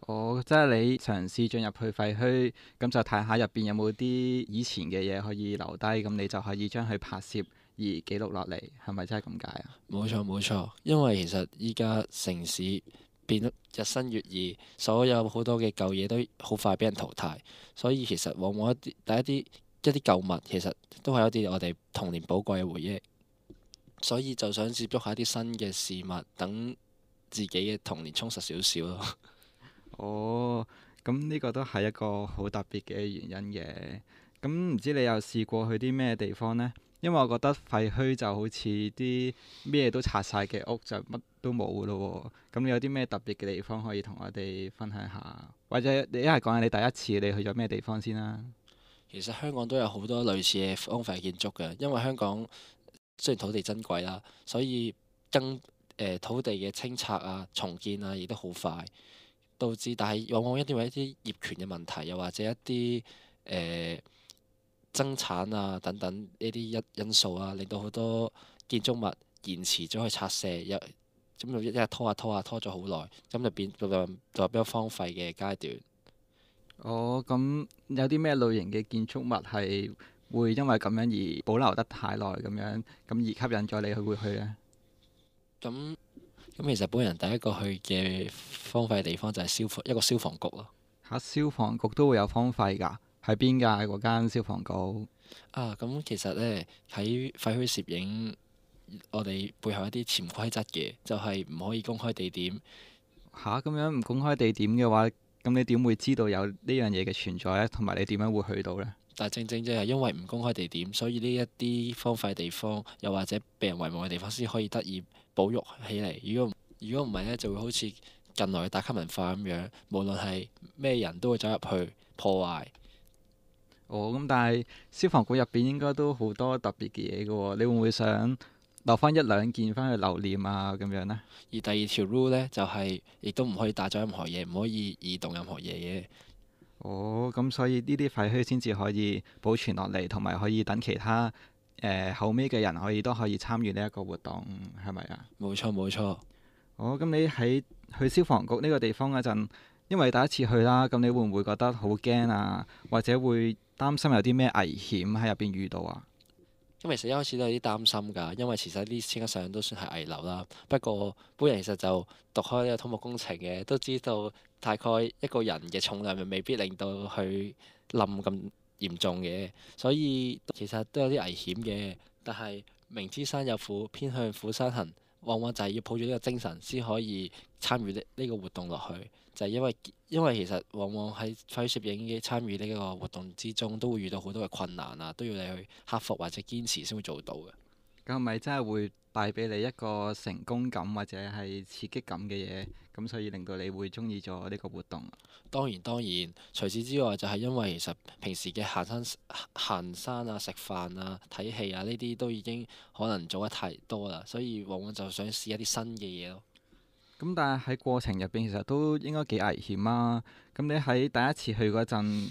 Speaker 1: 哦，即係你嘗試進入去廢墟，咁就睇下入邊有冇啲以前嘅嘢可以留低，咁你就可以將佢拍攝而記錄落嚟，係咪真係咁解啊？
Speaker 4: 冇錯，冇錯，因為其實依家城市變得日新月異，所有好多嘅舊嘢都好快俾人淘汰，所以其實往往一啲第一啲一啲舊物，其實都係一啲我哋童年寶貴嘅回憶。所以就想接觸下啲新嘅事物，等自己嘅童年充實少少咯。哦，
Speaker 1: 咁呢個都係一個好特別嘅原因嘅。咁唔知你有試過去啲咩地方呢？因為我覺得廢墟就好似啲咩都拆晒嘅屋，就乜都冇噶咯。咁有啲咩特別嘅地方可以同我哋分享下？或者你一係講下你第一次你去咗咩地方先啦？
Speaker 4: 其實香港都有好多類似嘅荒廢建築嘅，因為香港。雖然土地珍貴啦，所以增誒、呃、土地嘅清拆啊、重建啊，亦都好快，導致但係往往因為一啲業權嘅問題，又或者一啲誒、呃、增產啊等等呢啲一因素啊，令到好多建築物延遲咗去拆卸，又咁就一日拖下、啊、拖下、啊、拖咗好耐，咁就變到量就比較荒廢嘅階段。哦，咁有啲咩類型嘅建築物係？會因
Speaker 1: 為咁樣而保留得太耐咁樣，咁而吸引咗你去會去呢？
Speaker 4: 咁咁，其實本人第一個去嘅荒廢地方就係消防一個消防局咯。
Speaker 1: 嚇、啊！消防局都會有荒廢㗎？喺邊㗎？嗰間消防局
Speaker 4: 啊？咁、嗯、其實呢，喺廢墟攝影，我哋背後一啲潛規則嘅就係、是、唔可以公開地點。
Speaker 1: 嚇、啊！咁樣唔公開地點嘅話，咁你點會知道有呢樣嘢嘅存在呢？同埋你點樣會去到呢？
Speaker 4: 但正正就係因為唔公開地點，所以呢一啲荒廢地方，又或者被人遺忘嘅地方，先可以得以保育起嚟。如果如果唔係呢，就會好似近來嘅打卡文化咁樣，無論係咩人都會走入去破壞。哦，咁但係消防局入邊
Speaker 1: 應該都好多特別嘅嘢嘅喎，你會唔會想留翻一兩件翻去留念啊？
Speaker 4: 咁樣呢？而第二條 rule 咧，就係、是、亦都唔可以帶走任何嘢，唔可以移動任何嘢嘅。
Speaker 1: 哦，咁所以呢啲廢墟先至可以保存落嚟，同埋可以等其他誒、呃、後尾嘅人可以都可以參與呢一個活動，係咪啊？冇錯冇錯。哦，咁你喺去消防局呢個地方嗰陣，因為第一次去啦，咁你會唔會覺得好驚啊？或者會擔心有啲咩危險喺入邊遇到啊？
Speaker 4: 因為其實一開始都有啲擔心㗎，因為其實呢啲建築物都算係危樓啦。不過本人其實就讀開呢個土木工程嘅，都知道。大概一個人嘅重量，咪未必令到佢冧咁嚴重嘅，所以其實都有啲危險嘅。但係明知山有虎，偏向虎山行，往往就係要抱住呢個精神先可以參與呢個活動落去。就係因為，因為其實往往喺快攝影嘅參與呢個活動之中，都會遇到好多嘅困難啊，都要你去克服或者堅持先會做到嘅。
Speaker 1: 咁係咪真係會帶俾你一個成功
Speaker 4: 感或者係刺激感嘅嘢，咁所以令到你會中意咗呢個活動？當然當然，除此之外就係因為其實平時嘅行山行山啊、食飯啊、睇戲啊，呢啲都已經可能做得太多啦，所以往往就想試一啲新嘅嘢咯。
Speaker 1: 咁但係喺過程入邊其實都應該幾危險啊！咁你喺第一次去嗰陣，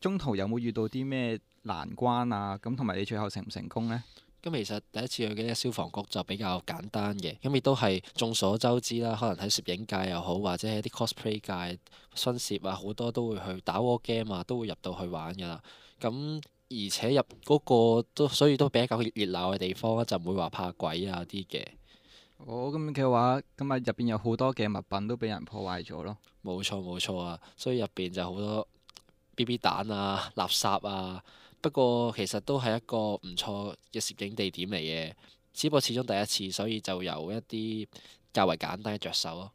Speaker 1: 中途有冇遇到啲咩難關啊？咁同
Speaker 4: 埋你最後成唔成功呢？咁其實第一次去嘅消防局就比較簡單嘅，咁亦都係眾所周知啦。可能喺攝影界又好，或者喺啲 cosplay 界、新攝啊好多都會去打 war game 啊，都會入到去玩噶啦。咁、嗯、而且入嗰、嗰個都所以都比較熱鬧嘅地方就唔會話怕鬼啊啲嘅。
Speaker 1: 哦，咁
Speaker 4: 嘅話，今日入邊有好多嘅物品都俾人破壞咗咯。冇錯冇錯啊，所以入邊就好多 BB 彈啊、垃圾啊。不過其實都係一個唔錯嘅攝影地點嚟嘅，只不過始終第一次，所以就由一啲較為簡單嘅着手咯。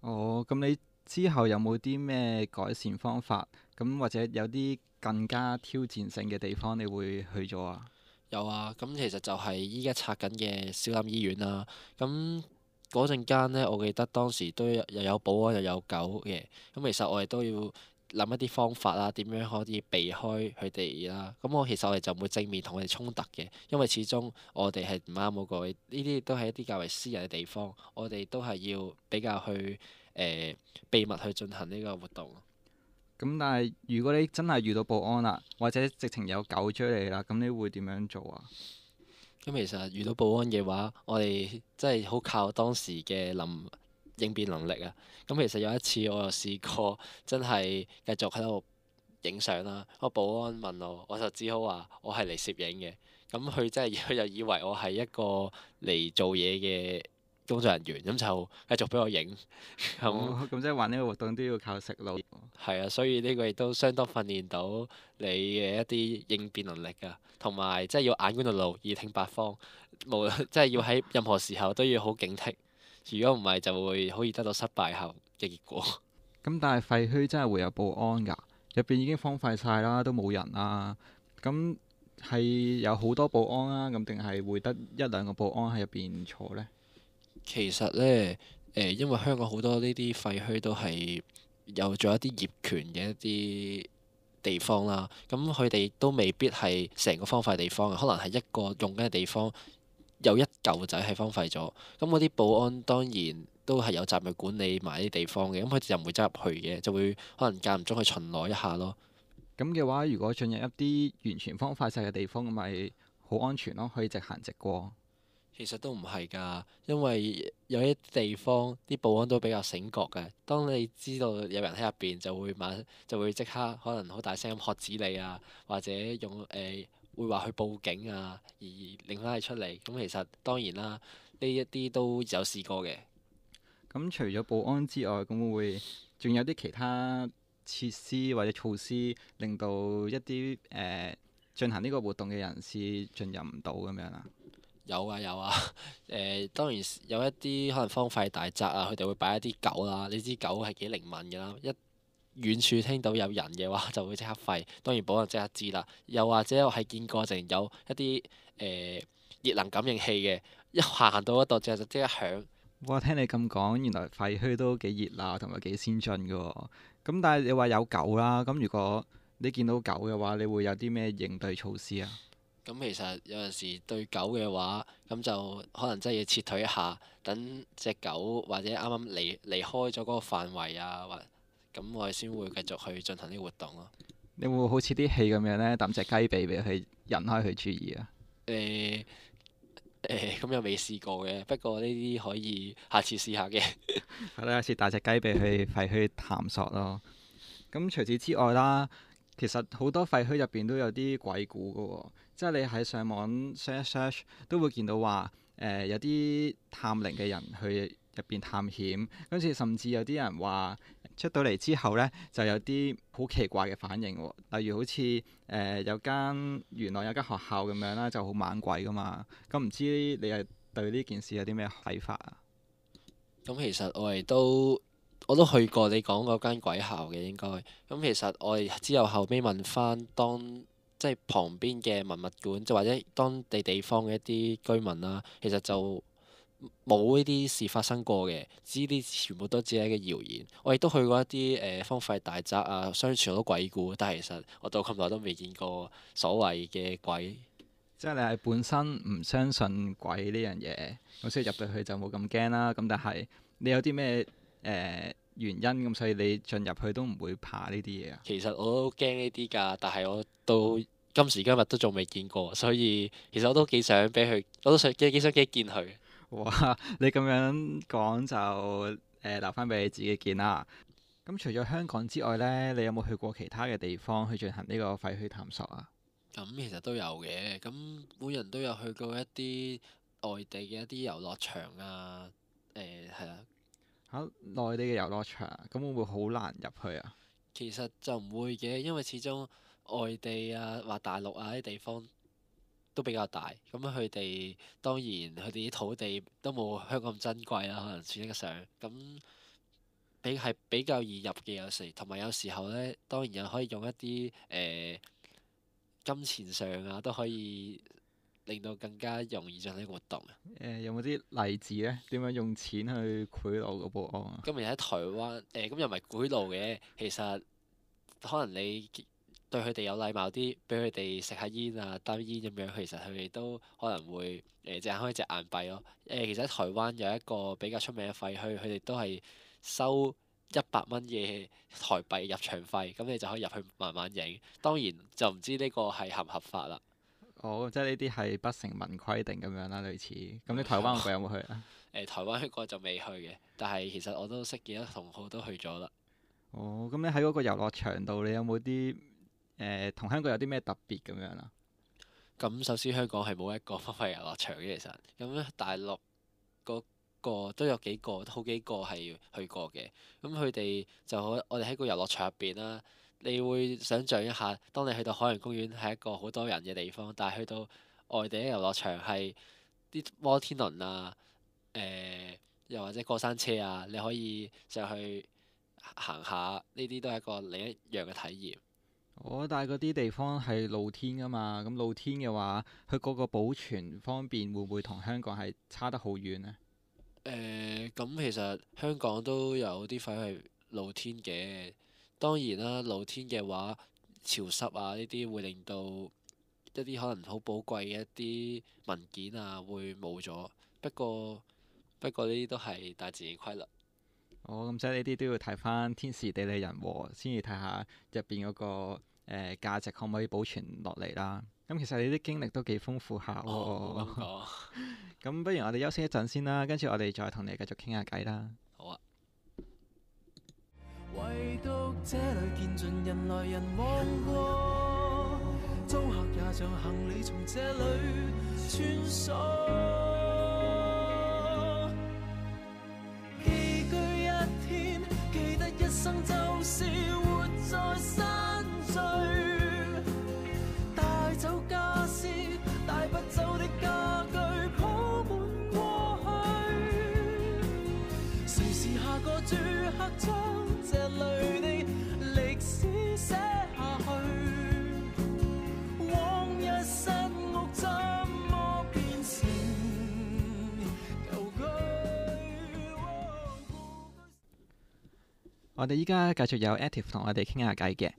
Speaker 1: 哦，咁你之後有冇啲咩改善方法？咁或者有啲更加挑戰性嘅地方，你會去咗
Speaker 4: 啊？有啊，咁其實就係依家拆緊嘅小欖醫院啦、啊。咁嗰陣間呢，我記得當時都又有，有保安啊又有，有狗嘅，咁其實我哋都要，諗一啲方法啦，點樣可以避開佢哋啦？咁我其實我哋就唔會正面同佢哋衝突嘅，因為始終我哋係唔啱嗰個。呢啲都係一啲較為私人嘅地方，我哋都係要比較去誒、呃、秘密去進行呢個活動。
Speaker 1: 咁但係如果你真係遇到保安啦，或者直情有狗追你啦，咁你
Speaker 4: 會點樣做啊？咁其實遇到保安嘅話，我哋真係好靠當時嘅臨。應變能力啊！咁其實有一次我又試過真繼，真係繼續喺度影相啦。個保安問我，我就只好話我係嚟攝影嘅。咁佢真係佢就以為我係一個嚟做嘢嘅工作人員，咁就繼續俾我影。咁 咁、嗯哦、即係玩呢個活動都要靠食腦。係啊，所以呢個亦都相當訓練到你嘅一啲應變能力啊，同埋即係要眼觀六路、耳聽八方，無論即係要喺任何時候都要好警惕。 如果唔係，就會可以得到失敗後嘅結果。
Speaker 1: 咁但係廢墟真係會有保安㗎，入邊已經荒廢晒啦，都冇人啦。咁係
Speaker 4: 有好多保安啊，咁定係會得一兩個保安喺入邊坐呢？其實呢，誒、呃，因為香港好多呢啲廢墟都係有咗一啲業權嘅一啲地方啦。咁佢哋都未必係成個荒廢地方嘅，可能係一個用緊嘅地方。有一嚿仔係荒廢咗，咁嗰啲保安當然都係有責任管理埋啲地方嘅，咁佢就唔會走入去嘅，就會可能間唔中去巡邏一下咯。咁嘅話，如果進入一啲完全
Speaker 1: 荒廢晒嘅地方，
Speaker 4: 咪好安全咯，可以直行直過。其實都唔係㗎，因為有一啲地方啲保安都比較醒覺嘅，當你知道有人喺入邊，就會馬就會即刻可能好大聲噉喝止你啊，或者用誒。呃會話去報警啊，而拎翻佢出嚟。咁其實當然啦，呢一啲都有試過嘅。
Speaker 1: 咁除咗保安之外，咁會唔會仲有啲其他設施或者措施，令到一啲誒進行呢個活動嘅人
Speaker 4: 士進入唔到咁樣啊？有啊有啊。誒、呃、當然有一啲可能荒廢大宅啊，佢哋會擺一啲狗啦。你知狗係幾靈敏㗎啦，一～遠處聽到有人嘅話，就會即刻吠，當然保安就即刻知啦。又或者我係見過，剩有一啲誒熱能感應器嘅，一行到嗰度就即刻響。
Speaker 1: 哇！聽你咁講，原來廢墟都幾熱啊，同埋幾先進㗎喎。咁但係你話有狗啦，咁如果你見到狗嘅話，你會有啲咩應對措施啊？
Speaker 4: 咁其實有陣時對狗嘅話，咁就可能真係要撤退一下，等隻狗或者啱啱離離開咗嗰個範圍啊，或～咁我哋先會繼續去進行啲活動咯。
Speaker 1: 你會好似啲戲咁樣呢，抌隻雞髀俾佢引開佢注意啊？
Speaker 4: 誒咁又未試過嘅，不過呢啲可以下次試下嘅。
Speaker 1: 好啦，下次帶隻雞髀去廢墟探索咯。咁除此之外啦，其實好多廢墟入邊都有啲鬼故噶、哦，即係你喺上網 search search 都會見到話誒、呃、有啲探靈嘅人去入邊探險，跟住甚至有啲人話。出到嚟之後呢，就有啲好奇怪嘅反應喎、哦。例如好似誒、呃、有間元朗有間學校咁樣啦，就好猛鬼㗎嘛。咁、嗯、唔知你係對呢件事有啲咩睇法啊？
Speaker 4: 咁、嗯、其實我哋都我都去過你講嗰間鬼校嘅應該。咁、嗯、其實我哋之後後尾問返當即係旁邊嘅文物館，就或者當地地方嘅一啲居民啦、啊，其實就。冇呢啲事發生過嘅，呢啲全部都只係一個謠言。我亦都去過一啲誒荒廢大宅啊，相傳好多鬼故，但係其實我到咁耐都未見過所謂嘅鬼。
Speaker 1: 即係你係本身唔相信鬼呢樣嘢，咁所以入到去就冇咁驚啦。咁但係你有啲咩誒原因咁，所以你進入去都唔會怕
Speaker 4: 呢啲嘢啊？其實我都驚呢啲㗎，但係我到今時今日都仲未見過，所以其實我都幾想俾佢，我都想幾幾想幾見佢。哇！
Speaker 1: 你咁樣講就誒、呃，留翻俾你自己見啦。咁、嗯、除咗香港之外呢，你有冇去過其他嘅地方去進行呢個廢墟探索啊？
Speaker 4: 咁、嗯、其實都有嘅。咁、嗯、本人都有去過一啲外地嘅一啲遊樂場啊。誒、呃，係
Speaker 1: 啦、啊。內、啊、地嘅遊樂場，咁、嗯、會唔會好難入去啊？
Speaker 4: 其實就唔會嘅，因為始終外地啊或大陸啊啲地方。都比較大，咁佢哋當然佢哋啲土地都冇香港咁珍貴啦，可能算得上咁、嗯、比係比較易入嘅有時，同埋有時候咧，當然又可以用一啲誒、呃、金錢上啊都可以令到更加容易進行活動。誒、
Speaker 1: 呃，有冇啲例子咧？點樣用錢去賄賂個保安
Speaker 4: 啊？今日喺台灣誒，咁、呃嗯、又唔係賄賂嘅。其實可能你，對佢哋有禮貌啲，俾佢哋食下煙啊、擔煙咁、啊、樣，其實佢哋都可能會誒、呃、隻眼開隻眼閉咯、喔。誒、呃，其實喺台灣有一個比較出名嘅廢墟，佢哋都係收一百蚊嘅台幣入場費，咁你就可以入去慢慢影。當然就唔知呢個係合唔合法啦。哦，
Speaker 1: 即係呢啲係不成文規定咁樣啦，類似。咁你台灣個廢有冇去啊？
Speaker 4: 誒、 呃，台灣嗰個就未去嘅，但係其實我都識幾多同學都去咗啦。哦，
Speaker 1: 咁你喺嗰個遊樂場度，你有冇啲？誒，同、呃、香港有啲咩特別咁樣啦？咁
Speaker 4: 首先，香港係冇一個荒廢嘅遊樂場嘅。其實咁大陸嗰個都有幾個，好幾個係去過嘅。咁佢哋就我我哋喺個遊樂場入邊啦，你會想象一下，當你去到海洋公園係一個好多人嘅地方，但係去到外地嘅遊樂場係啲摩天輪啊，誒、呃，又或者過山車啊，你可以上去行下，呢啲都係一個另一樣嘅體驗。
Speaker 1: 我、哦、但嗰啲地方係露天噶嘛，咁露天嘅話，佢嗰個保存方面，會唔會同香港係差得好遠呢？
Speaker 4: 咁、呃、其實香港都有啲廢墟係露天嘅，當然啦，露天嘅話潮濕啊，呢啲會令到一啲可能好寶貴嘅一啲文件啊會冇咗。不過不過呢啲都係大自然嘅規律。
Speaker 1: 哦，咁、嗯、即係呢啲都要睇翻天時地利人和，先至睇下入邊嗰個。誒、呃、價值可唔可以保存落嚟啦？咁、嗯、其實你啲經歷都幾豐富下喎、哦。咁、oh, oh, oh. 不如我哋休息一陣先啦，跟住我哋再同你繼續傾下
Speaker 3: 偈啦。好啊。
Speaker 1: 我哋依家繼續有 active 同我哋傾下偈嘅，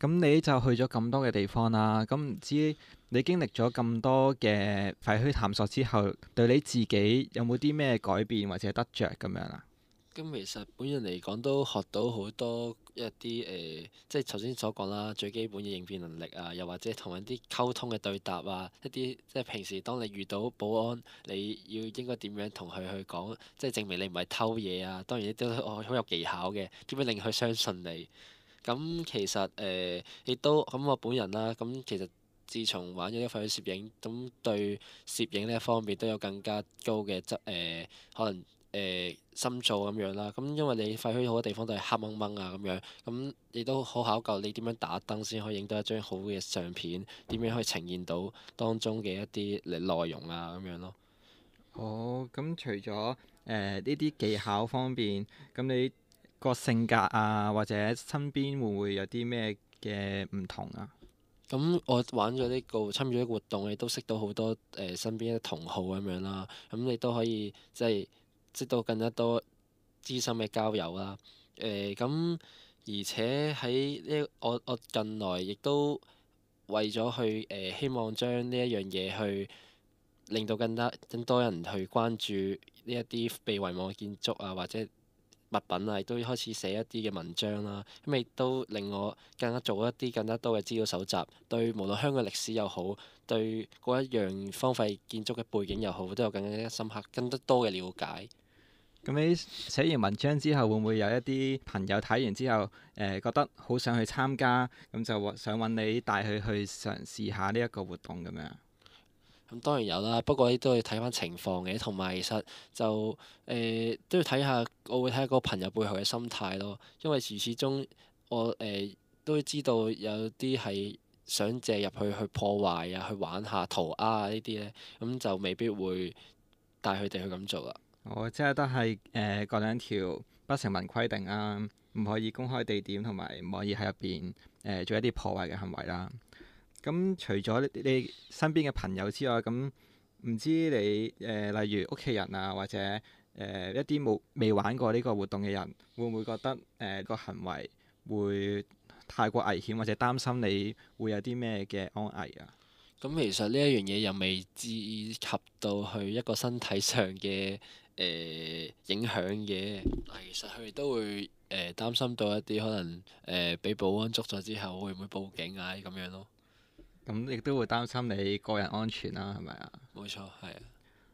Speaker 1: 咁你就去咗咁多嘅地方啦，咁唔知你經歷咗咁多嘅廢墟探索之後，對你自己有冇啲咩改變或者得着咁樣啊？
Speaker 4: 咁其實本人嚟講都學到好多一啲誒、呃，即係頭先所講啦，最基本嘅應變能力啊，又或者同一啲溝通嘅對答啊，一啲即係平時當你遇到保安，你要應該點樣同佢去講，即係證明你唔係偷嘢啊。當然呢啲都好有技巧嘅，點樣令佢相信你。咁其實誒，亦、呃、都咁我本人啦、啊，咁其實自從玩咗一份攝影，咁對攝影呢一方面都有更加高嘅質誒、呃，可能。誒、呃、心做咁樣啦，咁、嗯、因為你廢墟好多地方都係黑掹掹啊咁樣。咁樣咁你都好考究你點樣打燈先可以影到一張好嘅相片，點樣可以呈現到當中嘅一啲嚟內容啊咁樣咯。哦，咁、嗯、除咗誒
Speaker 1: 呢啲技巧方面，咁、嗯、你個性格啊或者身邊會
Speaker 4: 唔會有啲咩嘅唔同啊？咁、嗯、我玩咗呢、這個參與咗呢個活動，亦都識到好多誒、呃、身邊嘅同好咁樣啦。咁、嗯、你都可以即係。識到更加多資深嘅交友啦，誒、呃、咁而且喺呢、這個，我我近來亦都為咗去誒、呃、希望將呢一樣嘢去令到更加更多人去關注呢一啲被遺忘嘅建築啊，或者物品啊，亦都開始寫一啲嘅文章啦、啊，咁亦都令我更加做一啲更加多嘅資料搜集，對無論香港歷史又好，對嗰一樣荒廢建築嘅背景又好，都有更加深刻、更加多嘅了解。
Speaker 1: 咁你寫完文章之後，會唔會有一啲朋友睇完之後，誒、呃、覺得好想去參加，咁就想揾你帶佢去嘗試下呢一個活動咁樣？
Speaker 4: 咁當然有啦，不過都要睇翻情況嘅，同埋其實就誒、呃、都要睇下，我會睇下個朋友背後嘅心態咯。因為始始終我誒、呃、都知道有啲係想借入去去破壞啊，去玩下塗鴉啊呢啲咧，咁就未必會帶佢哋去咁做啦。
Speaker 1: 我即係都係誒嗰兩條不成文規定啊，唔可以公開地點同埋唔可以喺入邊誒做一啲破壞嘅行為啦。咁、嗯、除咗你身邊嘅朋友之外，咁、嗯、唔知你誒、呃、例如屋企人啊，或者誒、呃、一啲冇未玩過呢個活動嘅人，會唔會覺得誒、呃這個行為會太過危險，或者擔心你會有啲咩嘅安危啊？
Speaker 4: 咁其實呢一樣嘢又未至及到去一個身體上嘅。誒、呃、影響嘅，但其實佢哋都會誒、呃、擔心到一啲可能誒俾、呃、保安捉咗之後會唔會報警啊咁樣咯，咁亦、嗯、都會擔心你個
Speaker 1: 人安全啦，係咪啊？
Speaker 4: 冇錯，係啊。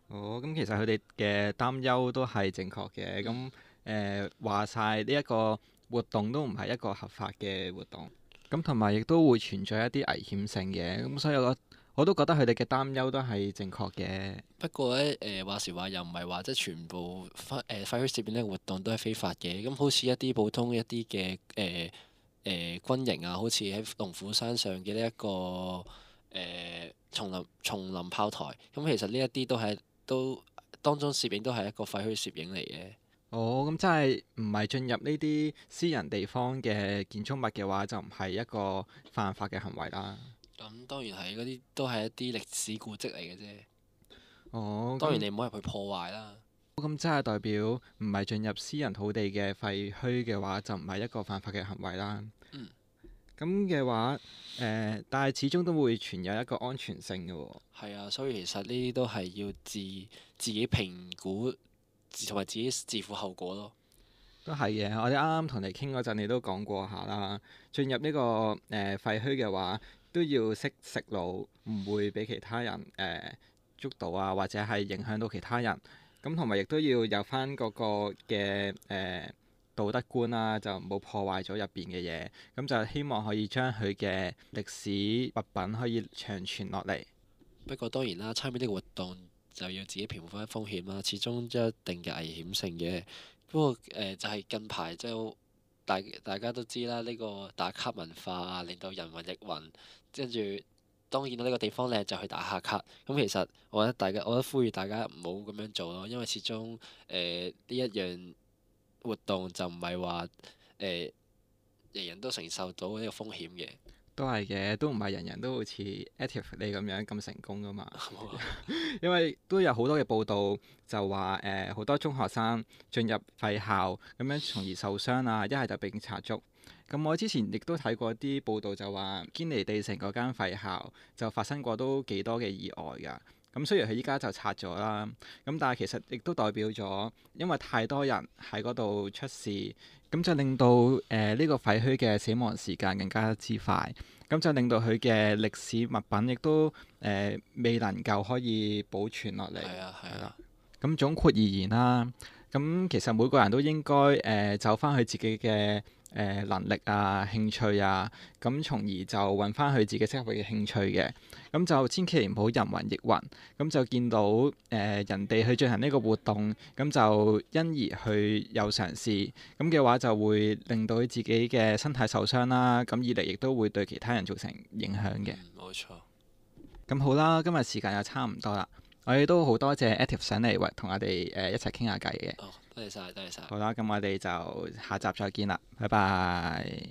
Speaker 1: 哦，咁、嗯、其實佢哋嘅擔憂都係正確嘅，咁誒話晒呢一個活動都唔係一個合法嘅活動，咁同埋亦都會存在一啲危險性嘅，咁、嗯、所以我覺得。我都覺得佢哋
Speaker 4: 嘅擔憂都係正確嘅。不過呢誒、呃、話時話又唔係話即係全部廢誒廢墟攝影呢個活動都係非法嘅。咁、嗯、好似一啲普通一啲嘅誒誒軍營啊，好似喺龍虎山上嘅呢一個誒松、呃、林松林炮台，咁、嗯、其實呢一啲都係都當中攝影都係一個廢墟攝影嚟嘅。
Speaker 1: 哦，咁真係唔係進入呢啲私人地方嘅建築物嘅話，就唔係一個犯法嘅行為啦。
Speaker 4: 咁當然係嗰啲都係一啲歷史古蹟嚟嘅啫。
Speaker 1: 哦，當然你
Speaker 4: 唔可以入去破壞啦。
Speaker 1: 咁、哦、即係代表唔係進入私人土地嘅廢墟嘅話，就唔係一個犯法嘅行為啦。
Speaker 3: 嗯。
Speaker 1: 咁嘅話，誒、呃，但係始終都會存有一個安全性嘅喎、
Speaker 4: 哦。係啊，所以其實呢啲都係要自自己評估，同埋自己自負後果咯。
Speaker 1: 都係嘅。我哋啱啱同你傾嗰陣，你都講過下啦。進入呢、呢個誒、呃、廢墟嘅話。都要識食腦，唔會俾其他人誒、呃、捉到啊，或者係影響到其他人。咁同埋亦都要有翻嗰個嘅誒、呃、道德觀啦、啊，就冇破壞咗入邊嘅嘢。咁、嗯、就希望可以將佢嘅歷史物品可以長存落嚟。
Speaker 4: 不過當然啦，參與呢個活動就要自己評估翻風險啦，始終有一定嘅危險性嘅。不過誒、呃、就係、是、近排即係大大家都知啦，呢、這個打卡文化啊，令到人云亦云。跟住，當見到呢個地方靚就去打下卡。咁其實我覺得大家，我覺得呼籲大家唔好咁樣做咯，因為始終誒呢一樣活動就唔係話誒人人都承受到呢個風險嘅。
Speaker 1: 都係嘅，都唔係人人都好似 Active 你咁樣咁成功噶嘛。 因為都有好多嘅報道就話誒好多中學生進入廢校咁樣，從而受傷啊，一係 就被警察捉。咁、嗯、我之前亦都睇過啲報道就，就話堅尼地城嗰間廢校就發生過都幾多嘅意外㗎。咁、嗯、雖然佢依家就拆咗啦，咁、嗯、但係其實亦都代表咗，因為太多人喺嗰度出事，咁、嗯、就令到誒呢、呃這個廢墟嘅死亡時間更加之快，咁、嗯、就令到佢嘅歷史物品亦都誒、呃、未能夠可以保存落嚟。係啊，係啦、啊。咁、嗯、總括而言啦，咁、嗯、其實每個人都應該誒、呃、走翻去自己嘅。呃、能力啊、興趣啊，咁從而就揾翻佢自己適合嘅興趣嘅，咁就千祈唔好人云亦云，咁就見到誒、呃、人哋去進行呢個活動，咁就因而去有嘗試，咁嘅話就會令到佢自己嘅身體受傷啦，咁以嚟亦都會對其他人造成影響嘅。冇、嗯、錯。咁好啦，今日時間又差唔多啦，我哋都好多謝 e t i p 上嚟同我哋、呃、一齊傾下偈嘅。哦。多謝晒，多謝晒。好
Speaker 3: 啦，咁我哋就下集再見喇，拜拜。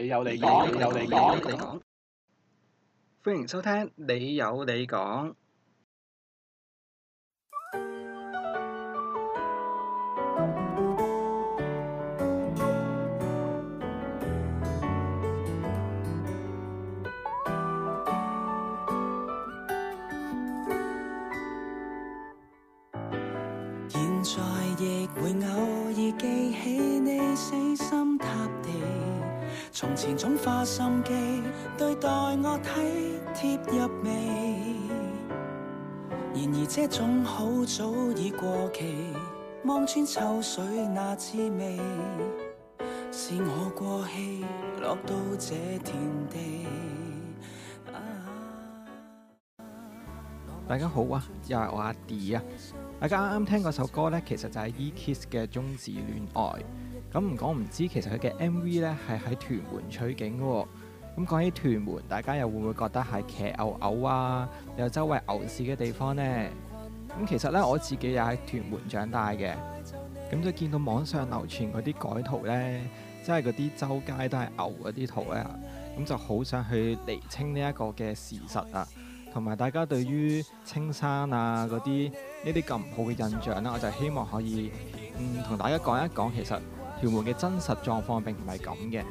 Speaker 3: 你有你講，
Speaker 1: 你有你講。歡迎收聽《你有你講》。
Speaker 3: 秋水那滋味，是我過氣落到這田地。
Speaker 1: 啊、大家好啊，又係我阿弟啊！大家啱啱聽嗰首歌呢，其實就係 E.Kiss 嘅《終止戀愛》。咁唔講唔知，其實佢嘅 M.V. 呢係喺屯門取景喎。咁講起屯門，大家又會唔會覺得係騎牛牛啊？又周圍牛屎嘅地方呢？咁其實呢，我自己又喺屯門長大嘅。咁就見到網上流傳嗰啲改圖呢，即係嗰啲周街都係牛嗰啲圖呢，咁就好想去釐清呢一個嘅事實啊，同埋大家對於青山啊嗰啲呢啲咁唔好嘅印象呢，我就希望可以嗯同大家講一講，其實屯門嘅真實狀況並唔係咁嘅。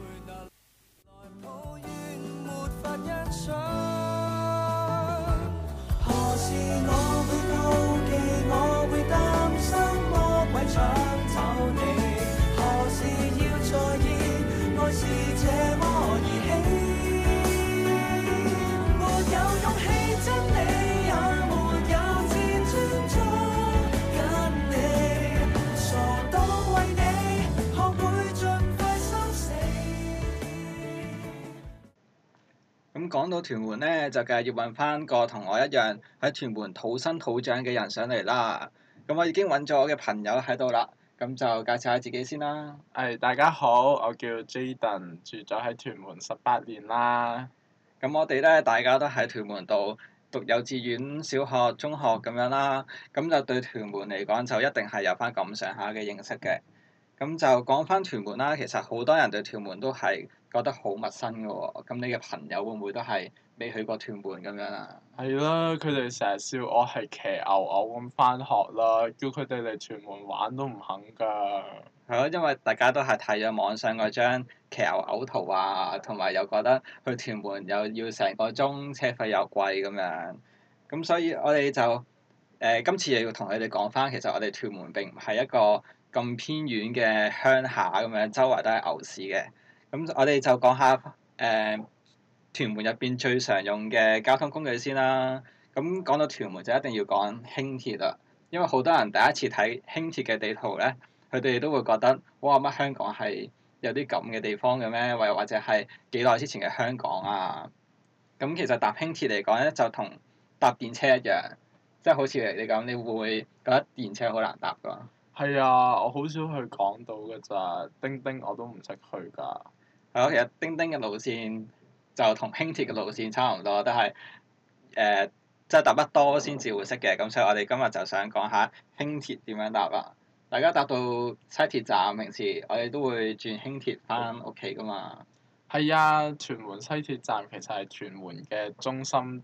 Speaker 3: 有有有勇真
Speaker 1: 你咁講到屯門咧，就梗係要揾翻個同我一樣喺屯門土生土長嘅人上嚟啦。咁我已經揾咗我嘅朋友喺度啦。咁就介紹下自己先啦，誒，大家好，我叫 Jaden，住咗喺屯門十八年啦。咁我哋咧，大家都喺屯門度讀幼稚園、小學、中學咁樣啦。咁就對屯門嚟講，就一定係有返咁上下嘅認識嘅。咁就講返屯門啦，其實好多人對屯門都係覺得好陌生嘅喎、哦。咁你嘅朋友會唔會都係？未去過屯門咁樣啊！
Speaker 5: 係啦，佢哋成日笑我係騎牛牛咁返學啦，叫佢哋嚟屯門玩都唔肯㗎。係
Speaker 1: 咯，因為大家都係睇咗網上嗰張騎牛牛圖啊，同埋又覺得去屯門又要成個鐘，車費又貴咁樣。咁所以我哋就誒、呃、今次又要同佢哋講返，其實我哋屯門並唔係一個咁偏遠嘅鄉下咁樣，周圍都係牛市嘅。咁我哋就講下誒。呃屯門入邊最常用嘅交通工具先啦、啊，咁講到屯門就一定要講輕鐵啦，因為好多人第一次睇輕鐵嘅地圖咧，佢哋都會覺得哇，乜香港係有啲咁嘅地方嘅咩？或或者係幾耐之前嘅香港啊？咁其實搭輕鐵嚟講咧，就同搭電車一樣，即係好似你咁，你會唔會覺得電車好難搭㗎？
Speaker 5: 係啊，我好少去港島㗎咋，叮叮我都唔識去㗎。
Speaker 1: 係咯、嗯，其實叮叮嘅路線。就同輕鐵嘅路線差唔多，但係誒，即係搭得多先至會識嘅。咁、嗯、所以我哋今日就想講下輕鐵點樣搭啦。大家搭到西鐵站，平時我哋都會轉輕鐵返屋企㗎嘛。係、嗯、啊，屯門西鐵站其實係屯門嘅中心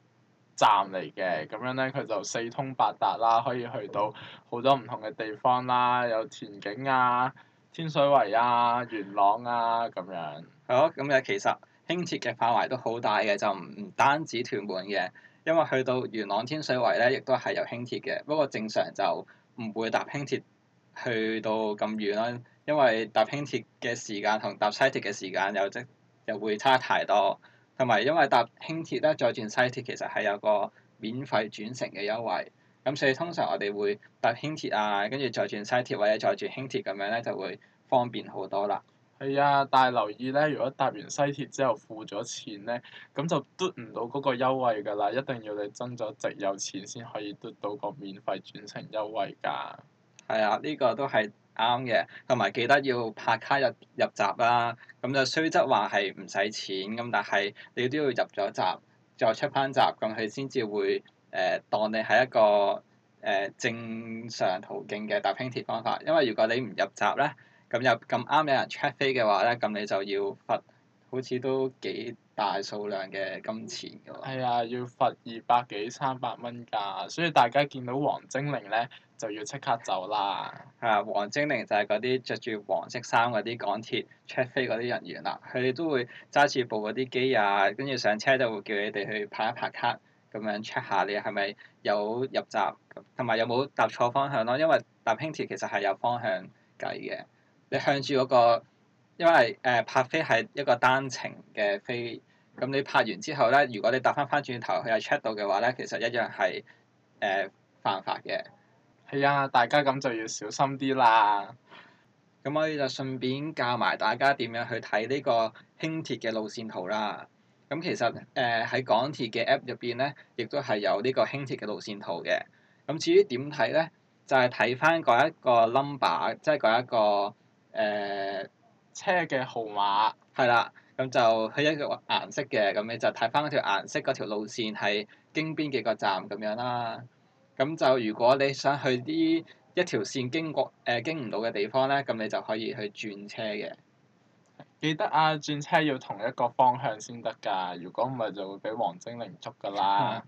Speaker 5: 站嚟嘅，咁樣咧佢就四通八達啦，可以去到好多唔
Speaker 1: 同嘅地方啦，有田景啊、天水圍啊、元朗啊咁樣。係咯、嗯，咁、嗯、誒其實～輕鐵嘅範圍都好大嘅，就唔唔單止屯門嘅，因為去到元朗天水圍咧，亦都係有輕鐵嘅。不過正常就唔會搭輕鐵去到咁遠啦，因為搭輕鐵嘅時間同搭西鐵嘅時間又即又會差太多。同埋因為搭輕鐵咧再轉西鐵其實係有個免費轉乘嘅優惠，咁所以通常我哋會搭輕鐵啊，跟住再轉西鐵或者再轉輕鐵咁樣咧就會方便好多啦。係啊，哎，但
Speaker 5: 係留意咧，如果搭完西鐵之後付咗錢咧，咁就嘟唔到嗰個優惠㗎啦。一定要你增咗值有錢先可以嘟到個免費轉乘優惠㗎。係啊，
Speaker 1: 呢、這個都係啱嘅，同埋記得要拍卡入入閘啦。咁就雖則話係唔使錢咁，但係你都要入咗閘再出翻閘，咁佢先至會誒，呃、當你係一個誒，呃、正常途徑嘅搭輕鐵方法。因為如果你唔入閘咧，咁又咁啱有人 check 飛嘅話咧，咁你就要罰，好似都幾大數量嘅金錢㗎喎。
Speaker 5: 係啊，要罰二百幾三百蚊㗎，所以大家見到黃精靈咧就要即刻
Speaker 1: 走啦。係啊，黃精靈就係嗰啲着住黃色衫嗰啲港鐵 check 飛嗰啲人員啦，佢哋都會揸住部嗰啲機啊，跟住上車就會叫你哋去拍一拍卡，咁樣 check 下你係咪有入閘，同埋有冇搭錯方向咯。因為搭輕鐵其實係有方向計嘅。你向住嗰個，因為誒拍飛係一個單程嘅飛，咁你拍完之後咧，如果你搭翻翻轉頭去喺 check 到嘅話咧，其實一樣係誒犯法嘅。係啊，大家咁就要小心啲啦。咁我哋就順便教埋大家點樣去睇呢個輕鐵嘅路線圖啦。咁其實誒喺港鐵嘅 app 入邊咧，亦都係有呢個輕鐵嘅路線圖嘅。咁至於點睇咧，就係睇翻嗰一個 number，即係嗰一個。誒、嗯、車嘅號碼係啦，咁就去一個顏色嘅，咁你就睇翻嗰條顏色嗰條路線係經邊幾個站咁樣啦。咁就如果你想去啲一條線經過誒、呃、經唔到嘅地方咧，咁你就可以去轉車嘅。記得啊，轉車要同一個方向先得㗎，如果唔係就會俾黃精靈捉㗎啦。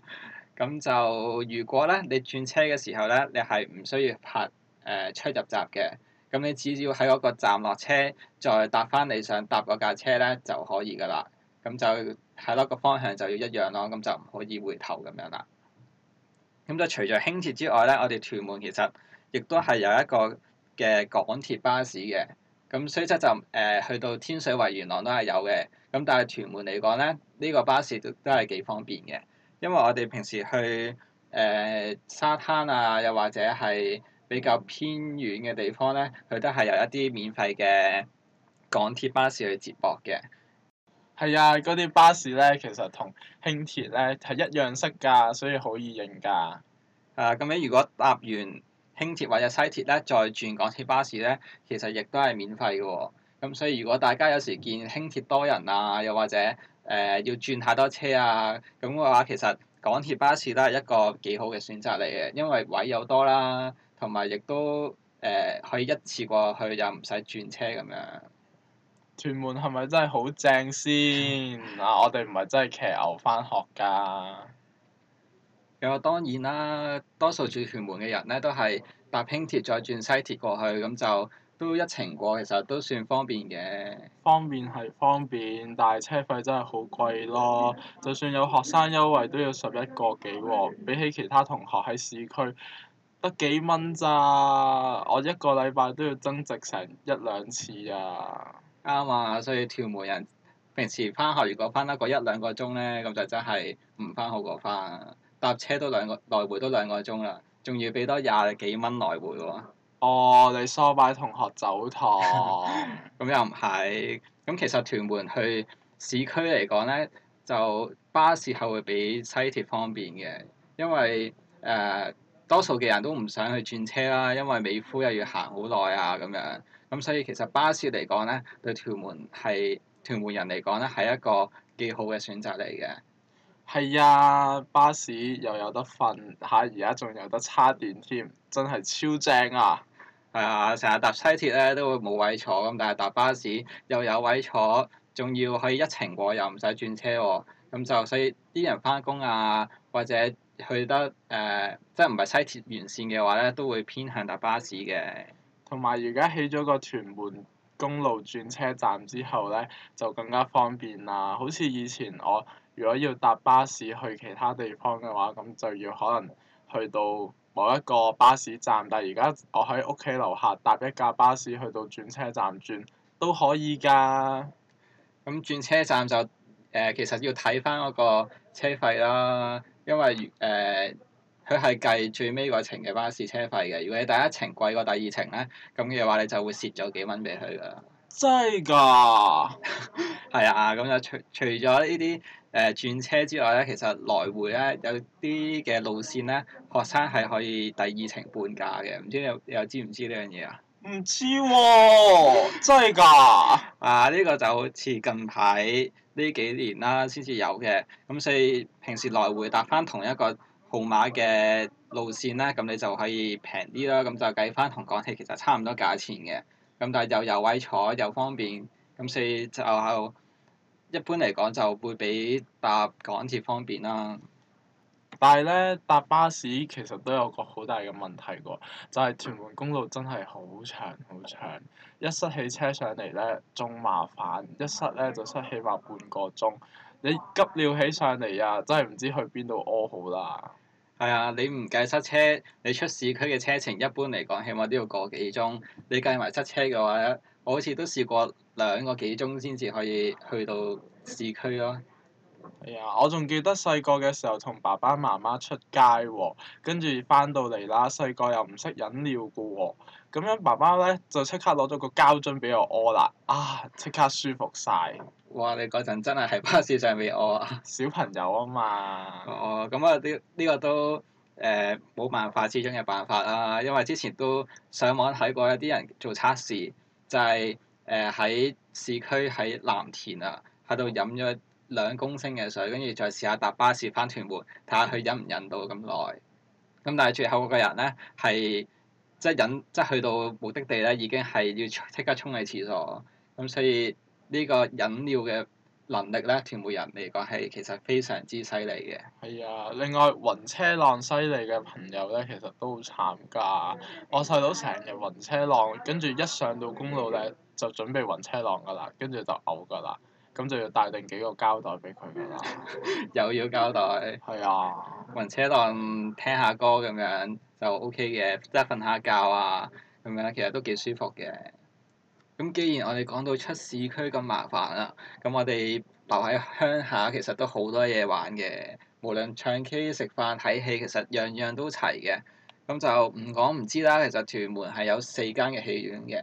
Speaker 1: 咁、嗯、就如果咧，你轉車嘅時候咧，你係唔需要拍誒、呃、出入閘嘅。咁你只要喺嗰個站落車，再搭翻你想搭嗰架車咧，就可以噶啦。咁就係咯，個方向就要一樣咯。咁就唔可以回頭咁樣啦。咁就除咗輕鐵之外咧，我哋屯門其實亦都係有一個嘅港鐵巴士嘅。咁雖則就誒、呃、去到天水圍元朗都係有嘅。咁但係屯門嚟講咧，呢個巴士都都係幾方便嘅。因為我哋平時去誒、呃、沙灘啊，又或者係，比較偏遠嘅地方呢，佢都係有一啲免費嘅港鐵巴士去接駁嘅。係啊，嗰啲巴士
Speaker 5: 呢，其實同輕鐵呢係一
Speaker 1: 樣式㗎，所以好易認噶。誒、啊，咁你如果搭完輕鐵或者西鐵呢，再轉港鐵巴士呢，其實亦都係免費嘅喎、哦。咁所以如果大家有時見輕鐵多人啊，又或者誒、呃、要轉太多車啊，咁嘅話其實港鐵巴士都係一個幾好嘅選擇嚟嘅，因為位又多啦。同埋亦都誒可以一次過去又唔使轉車咁樣。
Speaker 5: 屯門係咪真係好正先？嗱， 我哋唔係真係騎牛翻學㗎。
Speaker 1: 有啊，當然啦！多數住屯門嘅人咧，都係搭輕鐵再轉西鐵過去，咁就都一程過，其實都算方便嘅。方便係方便，但係車費真係好貴咯！就算有學生優惠，都要
Speaker 5: 十一個幾喎、哦，比起其他同學喺市區，得幾蚊咋？
Speaker 1: 我一個禮拜都要增值成一兩次啊！啱啊，所以屯門人平時返學，如果返得過一兩個鐘咧，咁就真係唔返好過返。搭車都兩個來回都兩個鐘啦，仲要畀多廿幾蚊來回喎。哦，你梳擺同學走堂，咁 又唔係？咁其實屯門去市區嚟講咧，就巴士係會比西鐵方便嘅，因為誒。呃多數嘅人都唔想去轉車啦，因為美孚又要行好耐啊咁樣。咁所以其實巴士嚟講咧，對屯門係屯門人嚟講咧，係一個幾好嘅選擇嚟嘅。係啊，
Speaker 5: 巴士又有得瞓，嚇而家仲有得叉電添，真係超正
Speaker 1: 啊！係啊，成日搭西鐵咧都會冇位坐咁，但係搭巴士又有位坐，仲要可以一程過又唔使轉車喎，啊。咁就所以啲人返工啊，或者～去得誒、呃，即係唔係西鐵沿線嘅話咧，都會偏向搭巴士嘅。
Speaker 5: 同埋而家起咗個屯門公路轉車站之後咧，就更加方便啦。好似以前我如果要搭巴士去其他地方嘅話，咁就要可能去到某一個巴士站，但係而家我喺屋企樓下搭一架巴士去到轉車站轉都可以㗎。
Speaker 1: 咁轉車站就誒、呃，其實要睇返嗰個車費啦。因為誒，佢係計最尾嗰程嘅巴士車費嘅。如果你第一程貴過第二程咧，咁嘅話你就會蝕咗幾蚊俾佢噶啦。真係㗎？係 啊，咁就除除咗呢啲誒轉車之外咧，其實來回咧有啲嘅路線咧，學生係可以第二程半價嘅。唔知你又知唔知呢樣嘢啊？唔知喎，真係㗎！啊，呢個就好似近排呢幾年啦，先至有嘅。咁所以平時來回搭翻同一個號碼嘅路線啦，咁你就可以平啲啦。咁就計翻同港鐵其實差唔多價錢嘅。咁但係又有位坐又方便，咁所以就一般嚟講就會比搭港鐵方便啦。但係咧，搭巴士其實都有個好大嘅問題喎，就係屯門
Speaker 5: 公路真係好長好長，一塞起車上嚟咧仲麻煩，一塞咧就塞起碼半個鐘，你急尿起上嚟啊，真係唔知去邊度
Speaker 1: 屙好啦～係啊，你唔計塞車，你出市區嘅車程一般嚟講，起碼都要個幾鐘。你計埋塞車嘅話，我好似都試過兩個幾鐘先至可以去到市區咯。係啊、哎，我仲記得細個嘅時候同
Speaker 5: 爸爸媽媽出街喎、哦，跟住翻到嚟啦，細個又唔識飲料嘅喎、哦，咁樣爸爸咧就即刻攞咗個膠樽俾我屙啦，啊，即刻舒服
Speaker 1: 晒。哇！你嗰陣真係喺巴士上面屙？ 小朋友啊嘛哦～哦，咁啊，呢呢個都誒冇、呃、辦法始終有辦法啦，因為之前都上網睇過一啲人做測試，就係誒喺市區喺藍田啊，喺度飲咗、嗯。兩公升嘅水，跟住再試下搭巴士返屯門，睇下佢忍唔忍到咁耐。咁但係最後嗰個人咧，係即係忍，即係去到目的地咧，已經係要即刻沖喺廁所。咁所以呢個飲料嘅能力咧，屯門人嚟講係其實非常之犀利嘅。係啊，
Speaker 5: 另外暈車浪犀利嘅朋友咧，其實都好慘㗎。我細佬成日暈車浪，跟住一上到公路咧，就準備暈車浪㗎喇，跟住就嘔
Speaker 1: 㗎喇。咁就要帶定幾個膠袋俾佢嘅啦， 又要膠袋。係啊。暈車檔聽下歌咁樣就 OK 嘅，即係瞓下覺啊咁樣，其實都幾舒服嘅。咁既然我哋講到出市區咁麻煩啦，咁我哋留喺鄉下其實都好多嘢玩嘅，無論唱 K、食飯、睇戲，其實樣樣都齊嘅。咁就唔講唔知啦，其實屯門係有四間嘅戲院嘅。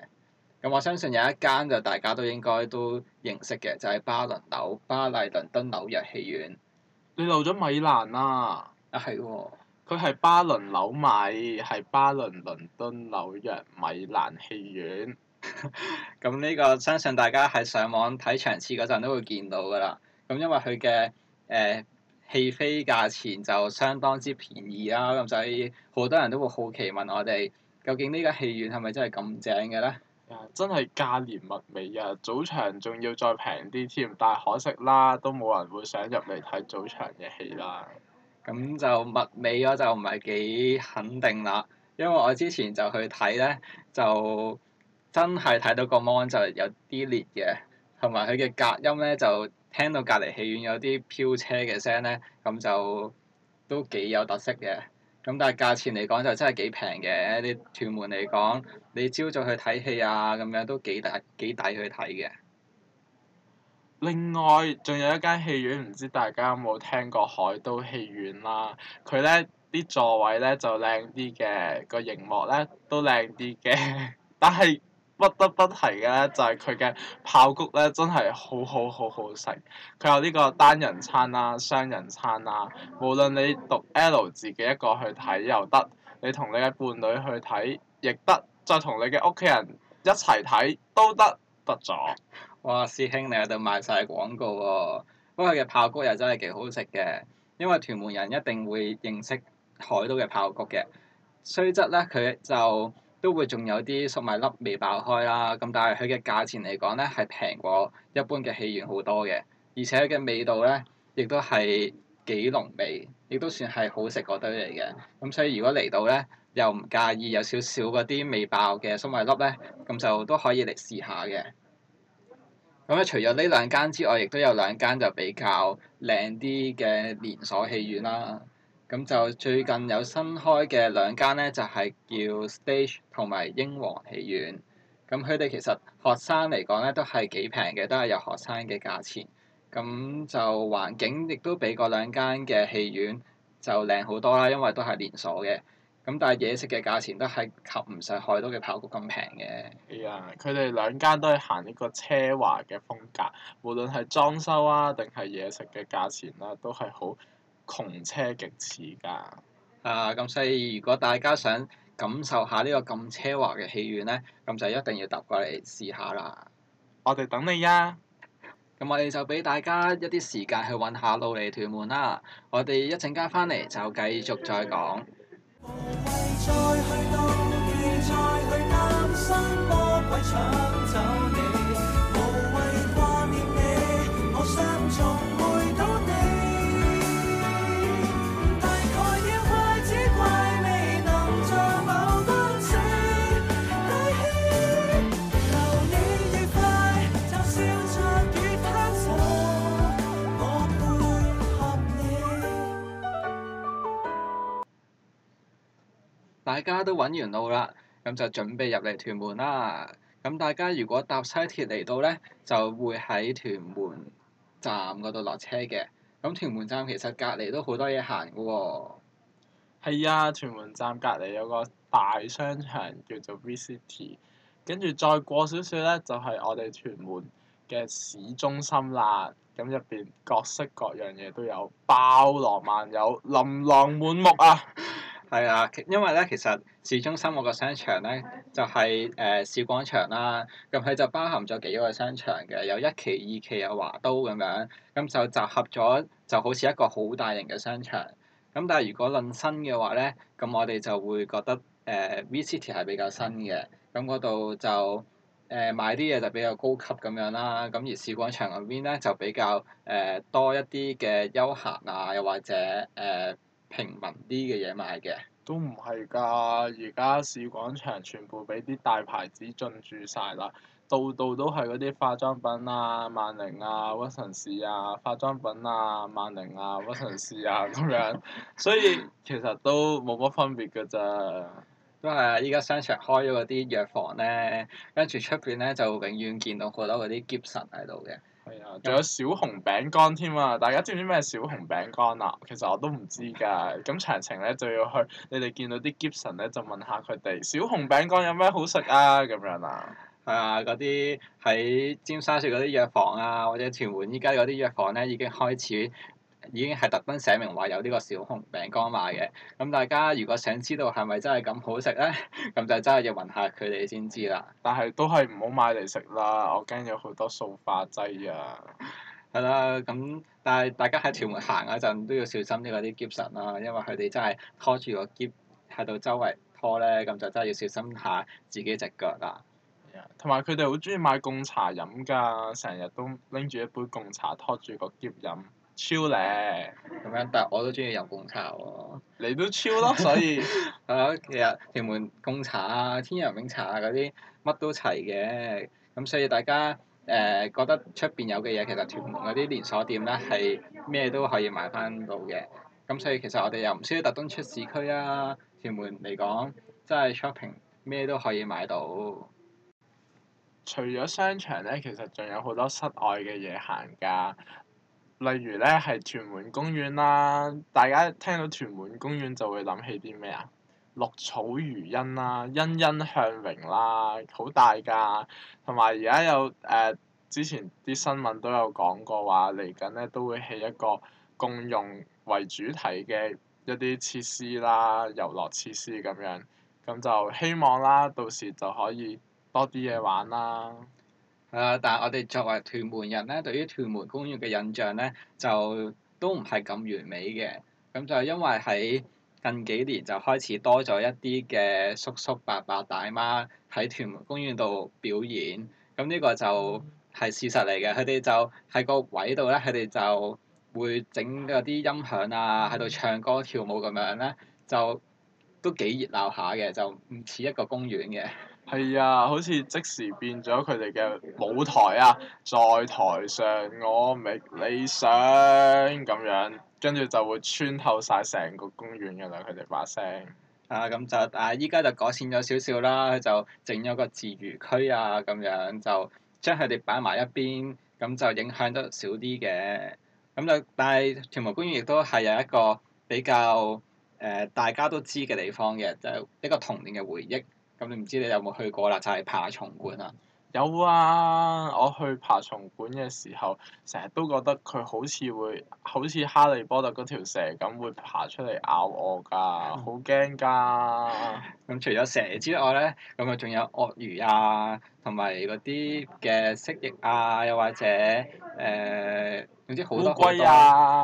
Speaker 1: 咁我相信有一間就大家都應該都認識嘅，就係、是、巴倫紐巴黎倫敦紐約戲院。
Speaker 5: 你漏咗米蘭啊？啊，係喎、哦。佢係巴倫紐米，係巴倫倫敦紐
Speaker 1: 約米蘭戲院。咁 呢個相信大家喺上網睇場次嗰陣都會見到噶啦。咁因為佢嘅誒戲飛價錢就相當之便宜啦，咁所以好多人都會好奇問我哋，究竟呢個戲院係咪真係咁正嘅咧？真係價廉物美啊！早場仲要再
Speaker 5: 平啲添，但係可惜啦，都冇人會想入嚟睇早場嘅戲啦。
Speaker 1: 咁就物美咗就唔係幾肯定啦，因為我之前就去睇咧，就真係睇到個 mon 就有啲裂嘅，同埋佢嘅隔音咧就聽到隔離戲院有啲飄車嘅聲咧，咁就都幾有特色嘅。咁但係價錢嚟講就真係幾平嘅，你屯門嚟講，你朝早去睇戲啊，咁樣都幾抵幾抵去睇嘅。
Speaker 5: 另外，仲有一間戲院唔知大家有冇聽過海都戲院啦、啊，佢咧啲座位咧就靚啲嘅，個熒幕咧都靚啲嘅，但係，不得不提嘅咧，就係佢嘅炮谷咧，真係好好好好食。佢有呢個單人餐啦、啊、雙人餐啦、啊，無論你讀 L 自己一個去睇又得，你同你嘅伴侶去睇亦得，
Speaker 1: 再同你嘅屋企人一齊睇都得，得咗。哇，師兄你喺度賣晒廣告喎！不過佢嘅炮谷又真係幾好食嘅，因為屯門人一定會認識海都嘅炮谷嘅。雖則咧，佢就～都會仲有啲粟米粒未爆開啦，咁但係佢嘅價錢嚟講呢，係平過一般嘅戲院好多嘅，而且佢嘅味道呢，亦都係幾濃味，亦都算係好食嗰堆嚟嘅。咁所以如果嚟到呢，又唔介意有少少嗰啲未爆嘅粟米粒呢，咁就都可以嚟試下嘅。咁咧，除咗呢兩間之外，亦都有兩間就比較靚啲嘅連鎖戲院啦。咁就最近有新開嘅兩間咧，就係、是、叫 Stage 同埋英皇戲院。咁佢哋其實學生嚟講咧，都係幾平嘅，都係有學生嘅價錢。咁就環境亦都比嗰兩間嘅戲院就靚好多啦，因為都係連鎖嘅。咁但係嘢食嘅價錢都係及唔上海多跑、哎、都嘅爆谷咁平嘅。
Speaker 5: 係啊，
Speaker 1: 佢哋兩間都係行一個奢華嘅風格，
Speaker 5: 無論係裝修啊定係嘢食嘅價錢啦、啊，都係好。窮奢
Speaker 1: 極侈㗎，啊！咁所以如果大家想感受下呢個咁奢華嘅戲院呢，咁就一定要搭過嚟試下啦。我哋等你呀、啊！咁我哋就俾大家一啲時間去揾下路嚟屯門啦。我哋一陣間翻嚟就繼續再講。大家都揾完路啦，咁就準備入嚟屯門啦。咁大家如果搭西鐵嚟到呢，就會喺屯門站嗰度落車嘅。咁屯門站其實隔離都好多嘢行㗎喎。係啊，屯門站隔離有個大商場叫
Speaker 5: 做 V City，跟住再過少少呢，就係我哋屯門嘅市中心啦。咁入邊各式各樣嘢都有，包羅萬有，
Speaker 1: 琳琅滿目啊！ 係啊，因為咧，其實市中心嗰、就是呃嗯、個商場咧，就係誒市廣場啦。咁佢就包含咗幾個商場嘅，有一期、二期有、啊、華都咁樣，咁、嗯、就集合咗，就好似一個好大型嘅商場。咁、嗯、但係如果論新嘅話咧，咁、嗯、我哋就會覺得誒、呃、V City 係比較新嘅。咁嗰度就誒、呃、買啲嘢就比較高級咁樣啦。咁、嗯、而市廣場嗰邊咧就比較誒、呃、多一啲嘅休閒啊，又或者誒。呃平民啲嘅嘢賣嘅，
Speaker 5: 都唔係㗎。而家市廣場全部俾啲大牌子進駐晒啦，度度都係嗰啲化妝品啊、萬寧啊、屈臣氏啊、化妝品啊、萬寧啊、屈臣氏啊咁樣。
Speaker 1: 所以其實都冇乜分別㗎咋。都係啊！依家商場開咗嗰啲藥房咧，跟住出邊咧就永遠見到好多嗰啲 Gibson 喺度嘅。
Speaker 3: 係啊，仲
Speaker 5: 有小紅餅乾添啊！大家知唔知咩小紅餅乾啊？其實我都唔知㗎。咁詳情咧就要去你哋見到啲 Gibson 咧，就問下佢哋小紅餅乾有
Speaker 1: 咩好食啊？咁樣 啊。係啊，嗰啲喺尖沙咀嗰啲藥房啊，或者屯門依家嗰啲藥房咧，已經開始。已經係特登寫明話有呢個小熊餅乾賣嘅，咁大家如果想知道係咪真係咁好食咧，咁就真係要問下佢哋先知啦。但係都係唔好買嚟食啦，我驚有好多塑化劑啊！係啦、 嗯，咁但係大家喺屯門行嗰陣都要小心啲嗰啲喼神啦，因為佢哋真係拖住個喼喺度周圍拖咧，咁就真係要小心下自己隻腳啦。
Speaker 5: 同埋佢哋好中意買貢茶飲㗎，成日都拎住一杯貢茶拖住個喼飲。超靚咁樣，但係我都中意飲貢
Speaker 1: 茶喎。你都
Speaker 5: 超咯，所以
Speaker 1: 啊，其實屯門貢茶啊、天佑茗茶啊嗰啲乜都齊嘅。咁所以大家誒、呃、覺得出邊有嘅嘢，其實屯門嗰啲連鎖店咧係咩都可以買翻到嘅。咁所以其實我哋又唔需要特登出市區啦、啊。屯門嚟講，真係 shopping 咩都可以買到。除咗商場咧，其實仲有好多室外
Speaker 5: 嘅嘢行噶。例如咧，係屯門公園啦，大家聽到屯門公園就會諗起啲咩啊？綠草如茵啦，欣欣向榮啦，好大噶。同埋而家有誒、呃，之前啲新聞都有講過話，嚟緊咧都會起一個共用為主題嘅一啲設施啦，遊樂設施咁樣。咁就希望啦，到
Speaker 1: 時就可以多啲嘢玩啦。係但係我哋作為屯門人咧，對於屯門公園嘅印象咧，就都唔係咁完美嘅。咁就因為喺近幾年就開始多咗一啲嘅叔叔、伯伯、大媽喺屯門公園度表演。咁呢個就係事實嚟嘅，佢哋就喺個位度咧，佢哋就會整嗰啲音響啊，喺度唱歌跳舞咁樣咧，就都幾熱鬧下嘅，就唔似一個公園嘅。係啊，好似即時
Speaker 5: 變咗佢哋嘅舞台啊，在台上我未理想咁樣，跟住就會穿透晒
Speaker 1: 成個公園嘅啦，佢哋把聲。啊，咁就啊，依家就改善咗少少啦，就整咗個自娛區啊，咁樣就將佢哋擺埋一邊，咁就影響得少啲嘅。咁就但係屯門公園亦都係有一個比較誒、呃、大家都知嘅地方嘅，就係、是、一個童年嘅回憶。咁你唔知你有冇去過啦？就係、是、爬蟲館啊！有啊，
Speaker 5: 我去爬蟲館嘅時候，成日都覺得佢好似會好似哈利波特嗰條蛇咁，會爬
Speaker 1: 出嚟咬我㗎，好驚㗎！咁除咗蛇之外咧，咁啊仲有鱷魚啊，同埋嗰啲嘅蜥蜴啊，又或者誒，總之好多好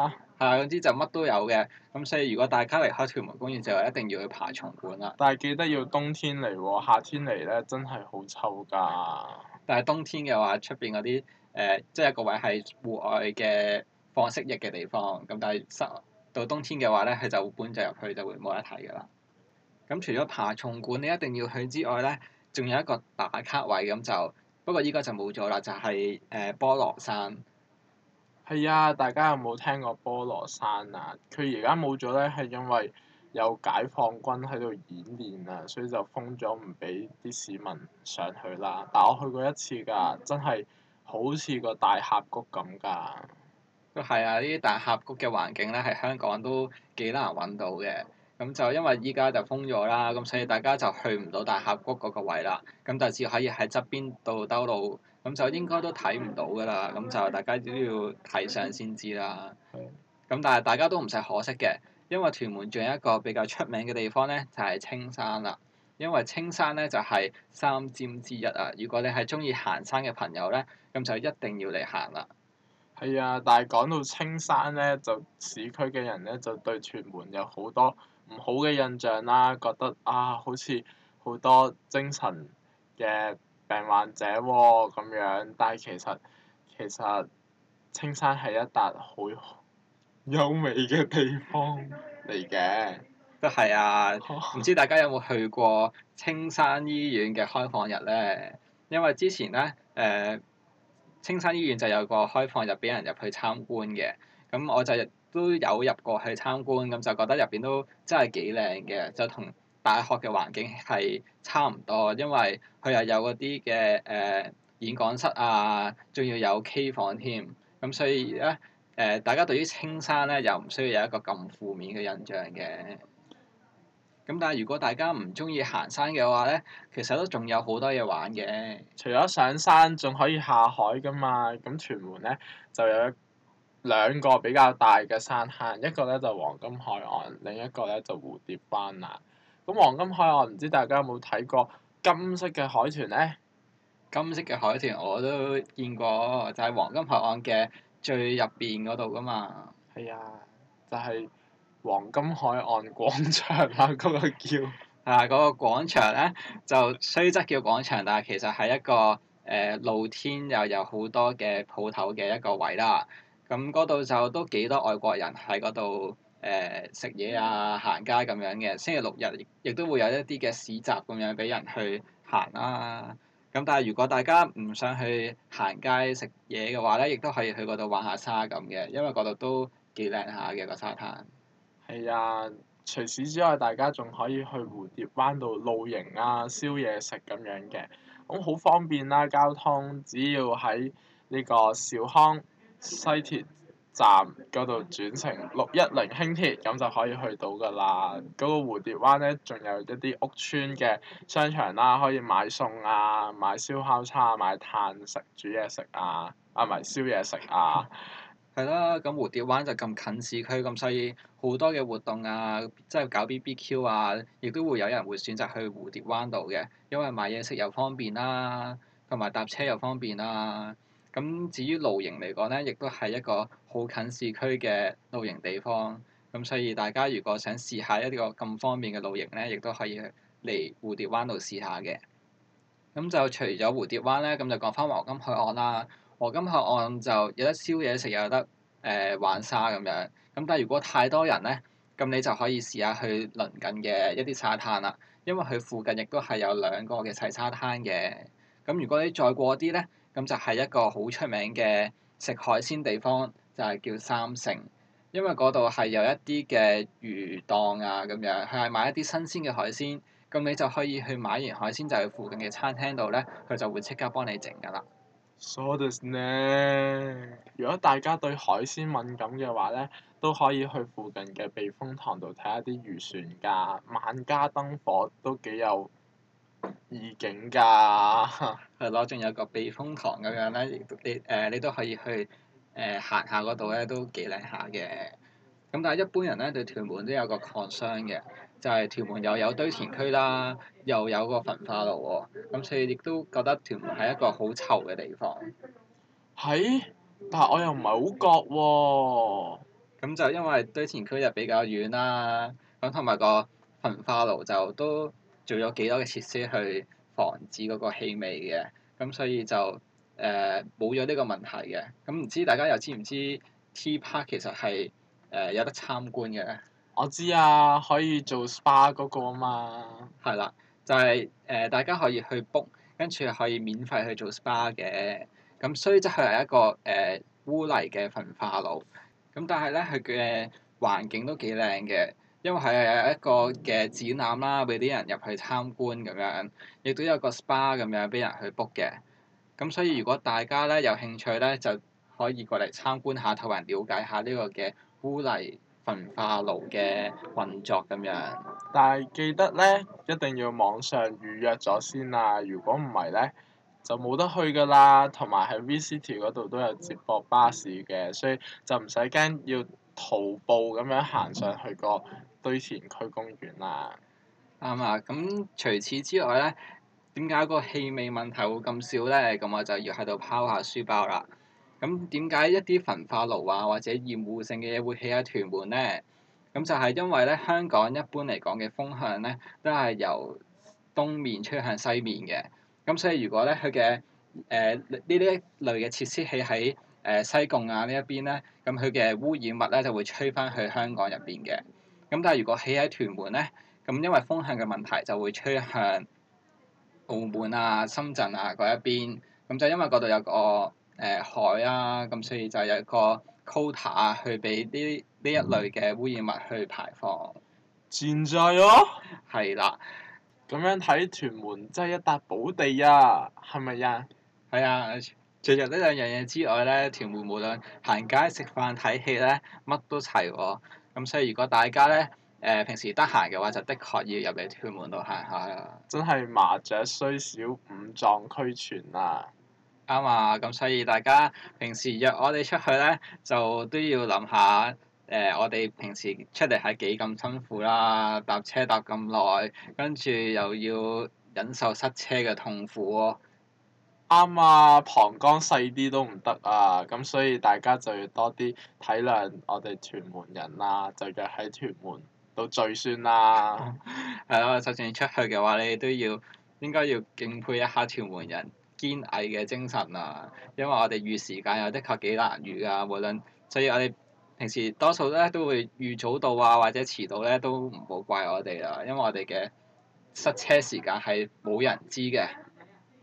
Speaker 1: 多。係啊，啲、嗯、就乜都有嘅，咁所以如果大家離開屯門公園就係一定要去爬蟲館啦。但係記得要冬天嚟喎、哦，夏天嚟咧真係好臭㗎。但係冬天嘅話，出邊嗰啲誒，即、呃、係、就是、一個位係戶外嘅放蜥蜴嘅地方，咁但係失到冬天嘅話咧，佢就搬咗入去，就會冇得睇㗎啦。咁除咗爬蟲館你一定要去之外咧，仲有一個打卡位咁就，不過依家就冇咗啦，就係、是、誒、呃、菠蘿山。
Speaker 5: 係啊，大家有冇聽過菠蘿山啊？佢而家冇咗咧，係因為有解放軍喺度演練啊，所以就封咗唔俾啲市民上去啦。但我去過一次㗎，真係好似個大峽
Speaker 1: 谷咁㗎。係啊，呢啲大峽谷嘅環境咧，喺香港都幾難揾到嘅。咁就因為依家就封咗啦，咁所以大家就去唔到大峽谷嗰個位啦。咁就只可以喺側邊度兜路，咁就應該都睇唔到㗎啦。咁就大家都要睇相先知啦。咁但係大家都唔使可惜嘅，因為屯門仲有一個比較出名嘅地方咧，就係青山啦。因為青山咧就係三尖之一啊！如果你係中意行山嘅朋友咧，咁就一定要嚟行啦。
Speaker 5: 係啊，但係講到青山咧，就市區嘅人咧就對屯門有好多。唔好嘅印象啦，覺得啊，好似好多精神嘅病患者喎、哦、咁樣，但係其實其實青山係一笪好優美嘅地
Speaker 4: 方
Speaker 1: 嚟嘅，都係啊！唔 知大家有冇去過青山醫院嘅開放日呢？因為之前呢，誒、呃，青山醫院就有個開放日俾人入去參觀嘅，咁我就都有入過去參觀，咁就覺得入邊都真係幾靚嘅，就同大學嘅環境係差唔多，因為佢又有嗰啲嘅誒演講室啊，仲要有 K 房添，咁、啊、所以咧誒、呃，大家對於青山咧又唔需要有一個咁負面嘅印象嘅。咁但係如果大家唔中意行山嘅話咧，其實都仲有好多嘢玩嘅，除咗上山仲可以下海噶嘛，咁屯門
Speaker 5: 咧就有一。兩個比較大嘅山坑，一個咧就黃金海岸，另一個咧就蝴蝶灣啦。咁黃金海岸唔知大家有冇睇過金
Speaker 1: 色嘅海豚咧？金色嘅海豚我都見過，就係黃金海岸嘅最入邊嗰度㗎嘛。係啊，就係黃金海岸廣場
Speaker 5: 啊！嗰個叫
Speaker 1: 啊嗰個廣場咧，就雖則叫廣場，但係其實係一個誒露天又有好多嘅鋪頭嘅一個位啦。咁嗰度就都幾多外國人喺嗰度誒食嘢啊、行街咁樣嘅。星期六日亦都會有一啲嘅市集咁樣俾人去行啦、啊。咁但係如果大家唔想去行街食嘢嘅話咧，亦都可以去嗰度玩下沙咁嘅，因為嗰度都幾靚下嘅、個沙灘。
Speaker 5: 係啊！除此之外，大家仲可以去蝴蝶灣度露營啊、燒嘢食咁樣嘅。咁好方便啦、啊，交通只要喺呢個兆康西鐵站嗰度轉乘六一零輕鐵，咁就可以去到㗎喇。嗰、嗰個蝴蝶灣咧，仲有一啲屋村嘅商場啦、啊，可以買餸啊，買燒烤叉、啊、買炭食煮嘢食啊，啊唔係燒嘢
Speaker 1: 食啊。係咯，咁蝴蝶灣就咁近市區，咁所以好多嘅活動啊，即係搞 BBQ 啊，亦都會有人會選擇去蝴蝶灣度嘅，因為買嘢食又方便啦、啊，同埋搭車又方便啦、啊。咁至於露營嚟講咧，亦都係一個好近市區嘅露營地方。咁所以大家如果想試下一啲個咁方便嘅露營咧，亦都可以嚟蝴蝶灣度試下嘅。咁就除咗蝴蝶灣咧，咁就講返黃金海岸啦。黃金海岸就有得燒嘢食，又有得誒、呃、玩沙咁樣。咁但係如果太多人咧，咁你就可以試下去鄰近嘅一啲沙灘啦。因為佢附近亦都係有兩個嘅細沙灘嘅。咁如果你再過啲咧，咁就係一個好出名嘅食海鮮地方，就係、是、叫三成，因為嗰度係有一啲嘅魚檔啊咁樣，佢係買一啲新鮮嘅海鮮，咁你就可以去買完海鮮，就去附近嘅餐廳度咧，佢就會即刻幫你整㗎啦。
Speaker 5: 所呢，如果大家對海鮮敏感嘅話咧，都可以去附近嘅避風塘度睇下啲漁船㗎，萬家燈火都幾有意
Speaker 1: 境㗎，係咯，仲有個避風塘咁樣咧，你誒、呃、你都可以去誒行下嗰度咧，都幾靚下嘅。咁但係一般人咧對屯門都有個抗傷嘅，就係、是、屯門又有，有堆填區啦，又有個焚化爐喎、哦。咁所以亦都覺得屯門係一個好臭嘅地方。係，hey? 但係我又唔係好覺喎、哦。咁就因為堆填區就比較遠啦，咁同埋個焚化爐就都。做咗幾多嘅設施去防止嗰個氣味嘅，咁所以就誒冇咗呢個問題嘅。咁唔知大家又知唔知 T Park 其實係誒、呃、有得參觀嘅咧？我知啊，可以做 SPA 嗰個啊嘛。係啦，就係、是、誒、呃，大家可以去 book，跟住可以免費去做 SPA 嘅。咁、嗯、雖則佢係一個誒、呃、污泥嘅焚化爐，咁但係咧佢嘅環境都幾靚嘅。因為係一個嘅展覽啦，俾啲人入去參觀咁樣，亦都有個 SPA 咁樣俾人去 book 嘅。咁所以如果大家咧有興趣咧，就可以過嚟參觀下，同埋了解下呢個嘅污泥焚化爐嘅運作咁樣。
Speaker 5: 但係記得咧，一定要網上預約咗先喇！如果唔係咧，就冇得去㗎喇。同埋喺 V City 嗰度都有接駁巴士嘅，所以就唔使驚要徒步咁樣行上去個。
Speaker 1: 堆填區公園啦，啱啊！咁除此之外咧，點解個氣味問題會咁少咧？咁我就要喺度拋下書包啦。咁點解一啲焚化爐啊，或者厭惡性嘅嘢會起喺屯門咧？咁就係因為咧，香港一般嚟講嘅風向咧，都係由東面吹向西面嘅。咁所以如果咧佢嘅誒呢啲、呃、類嘅設施起喺誒西貢啊呢一邊咧，咁佢嘅污染物咧就會吹翻去香港入邊嘅。咁但係如果起喺屯門咧，咁因為風向嘅問題就會吹向澳門啊、深圳啊嗰一邊。咁就因為嗰度有個誒、呃、海啊，咁所以就有一個 quota 去俾呢呢一類嘅污染物去排放。存在喎。係啦的，咁樣睇屯門真係一笪寶地啊！係咪啊？係啊！除咗呢兩樣嘢之外咧，屯門無論行街、食飯、睇戲咧，乜都齊喎。咁所以如果大家咧，誒、呃、平時得閒嘅話，就的確要入嚟屯門度行下。真係麻雀雖小，五臟俱全啊！啱啊！咁所以大家平時約我哋出去咧，就都要諗下，誒、呃、我哋平時出嚟係幾咁辛苦啦、啊，搭車搭咁耐，跟住又要忍受塞車嘅痛苦喎、啊。啱啊，膀胱細啲都唔得啊，咁所以
Speaker 5: 大家就要多啲體諒我哋屯門人啦，就約喺屯門
Speaker 1: 到最算啦，係咯、 啊，就算出去嘅話，你都要應該要敬佩一下屯門人堅毅嘅精神啊，因為我哋預時間又的確幾難預啊，無論，所以我哋平時多數咧都會預早到啊，或者遲到咧都唔好怪我哋啦，因為我哋嘅塞車時間係冇人知嘅。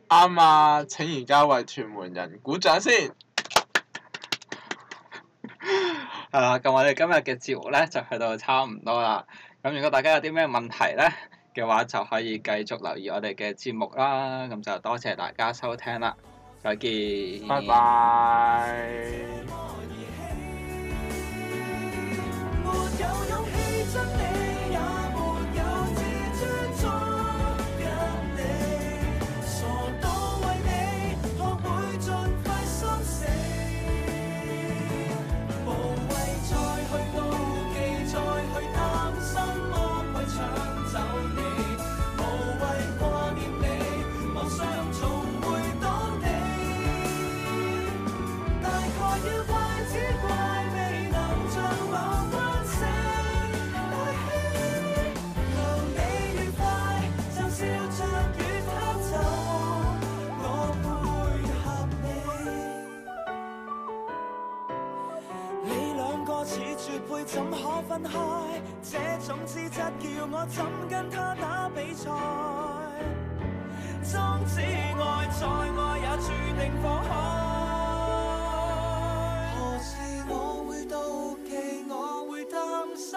Speaker 5: 啱啊！請而家為屯門人鼓掌先。
Speaker 1: 係啦、 嗯，咁我哋今日嘅節目咧就去到差唔多啦。咁如果大家有啲咩問題咧嘅話，就可以繼續留意我哋嘅節目啦。咁就多謝大家收聽啦。再見。拜拜。
Speaker 3: 怎可分開？這種姿質叫我怎跟他打比賽？縱使愛再愛也注定放開。 何時我會妒忌？我會擔心？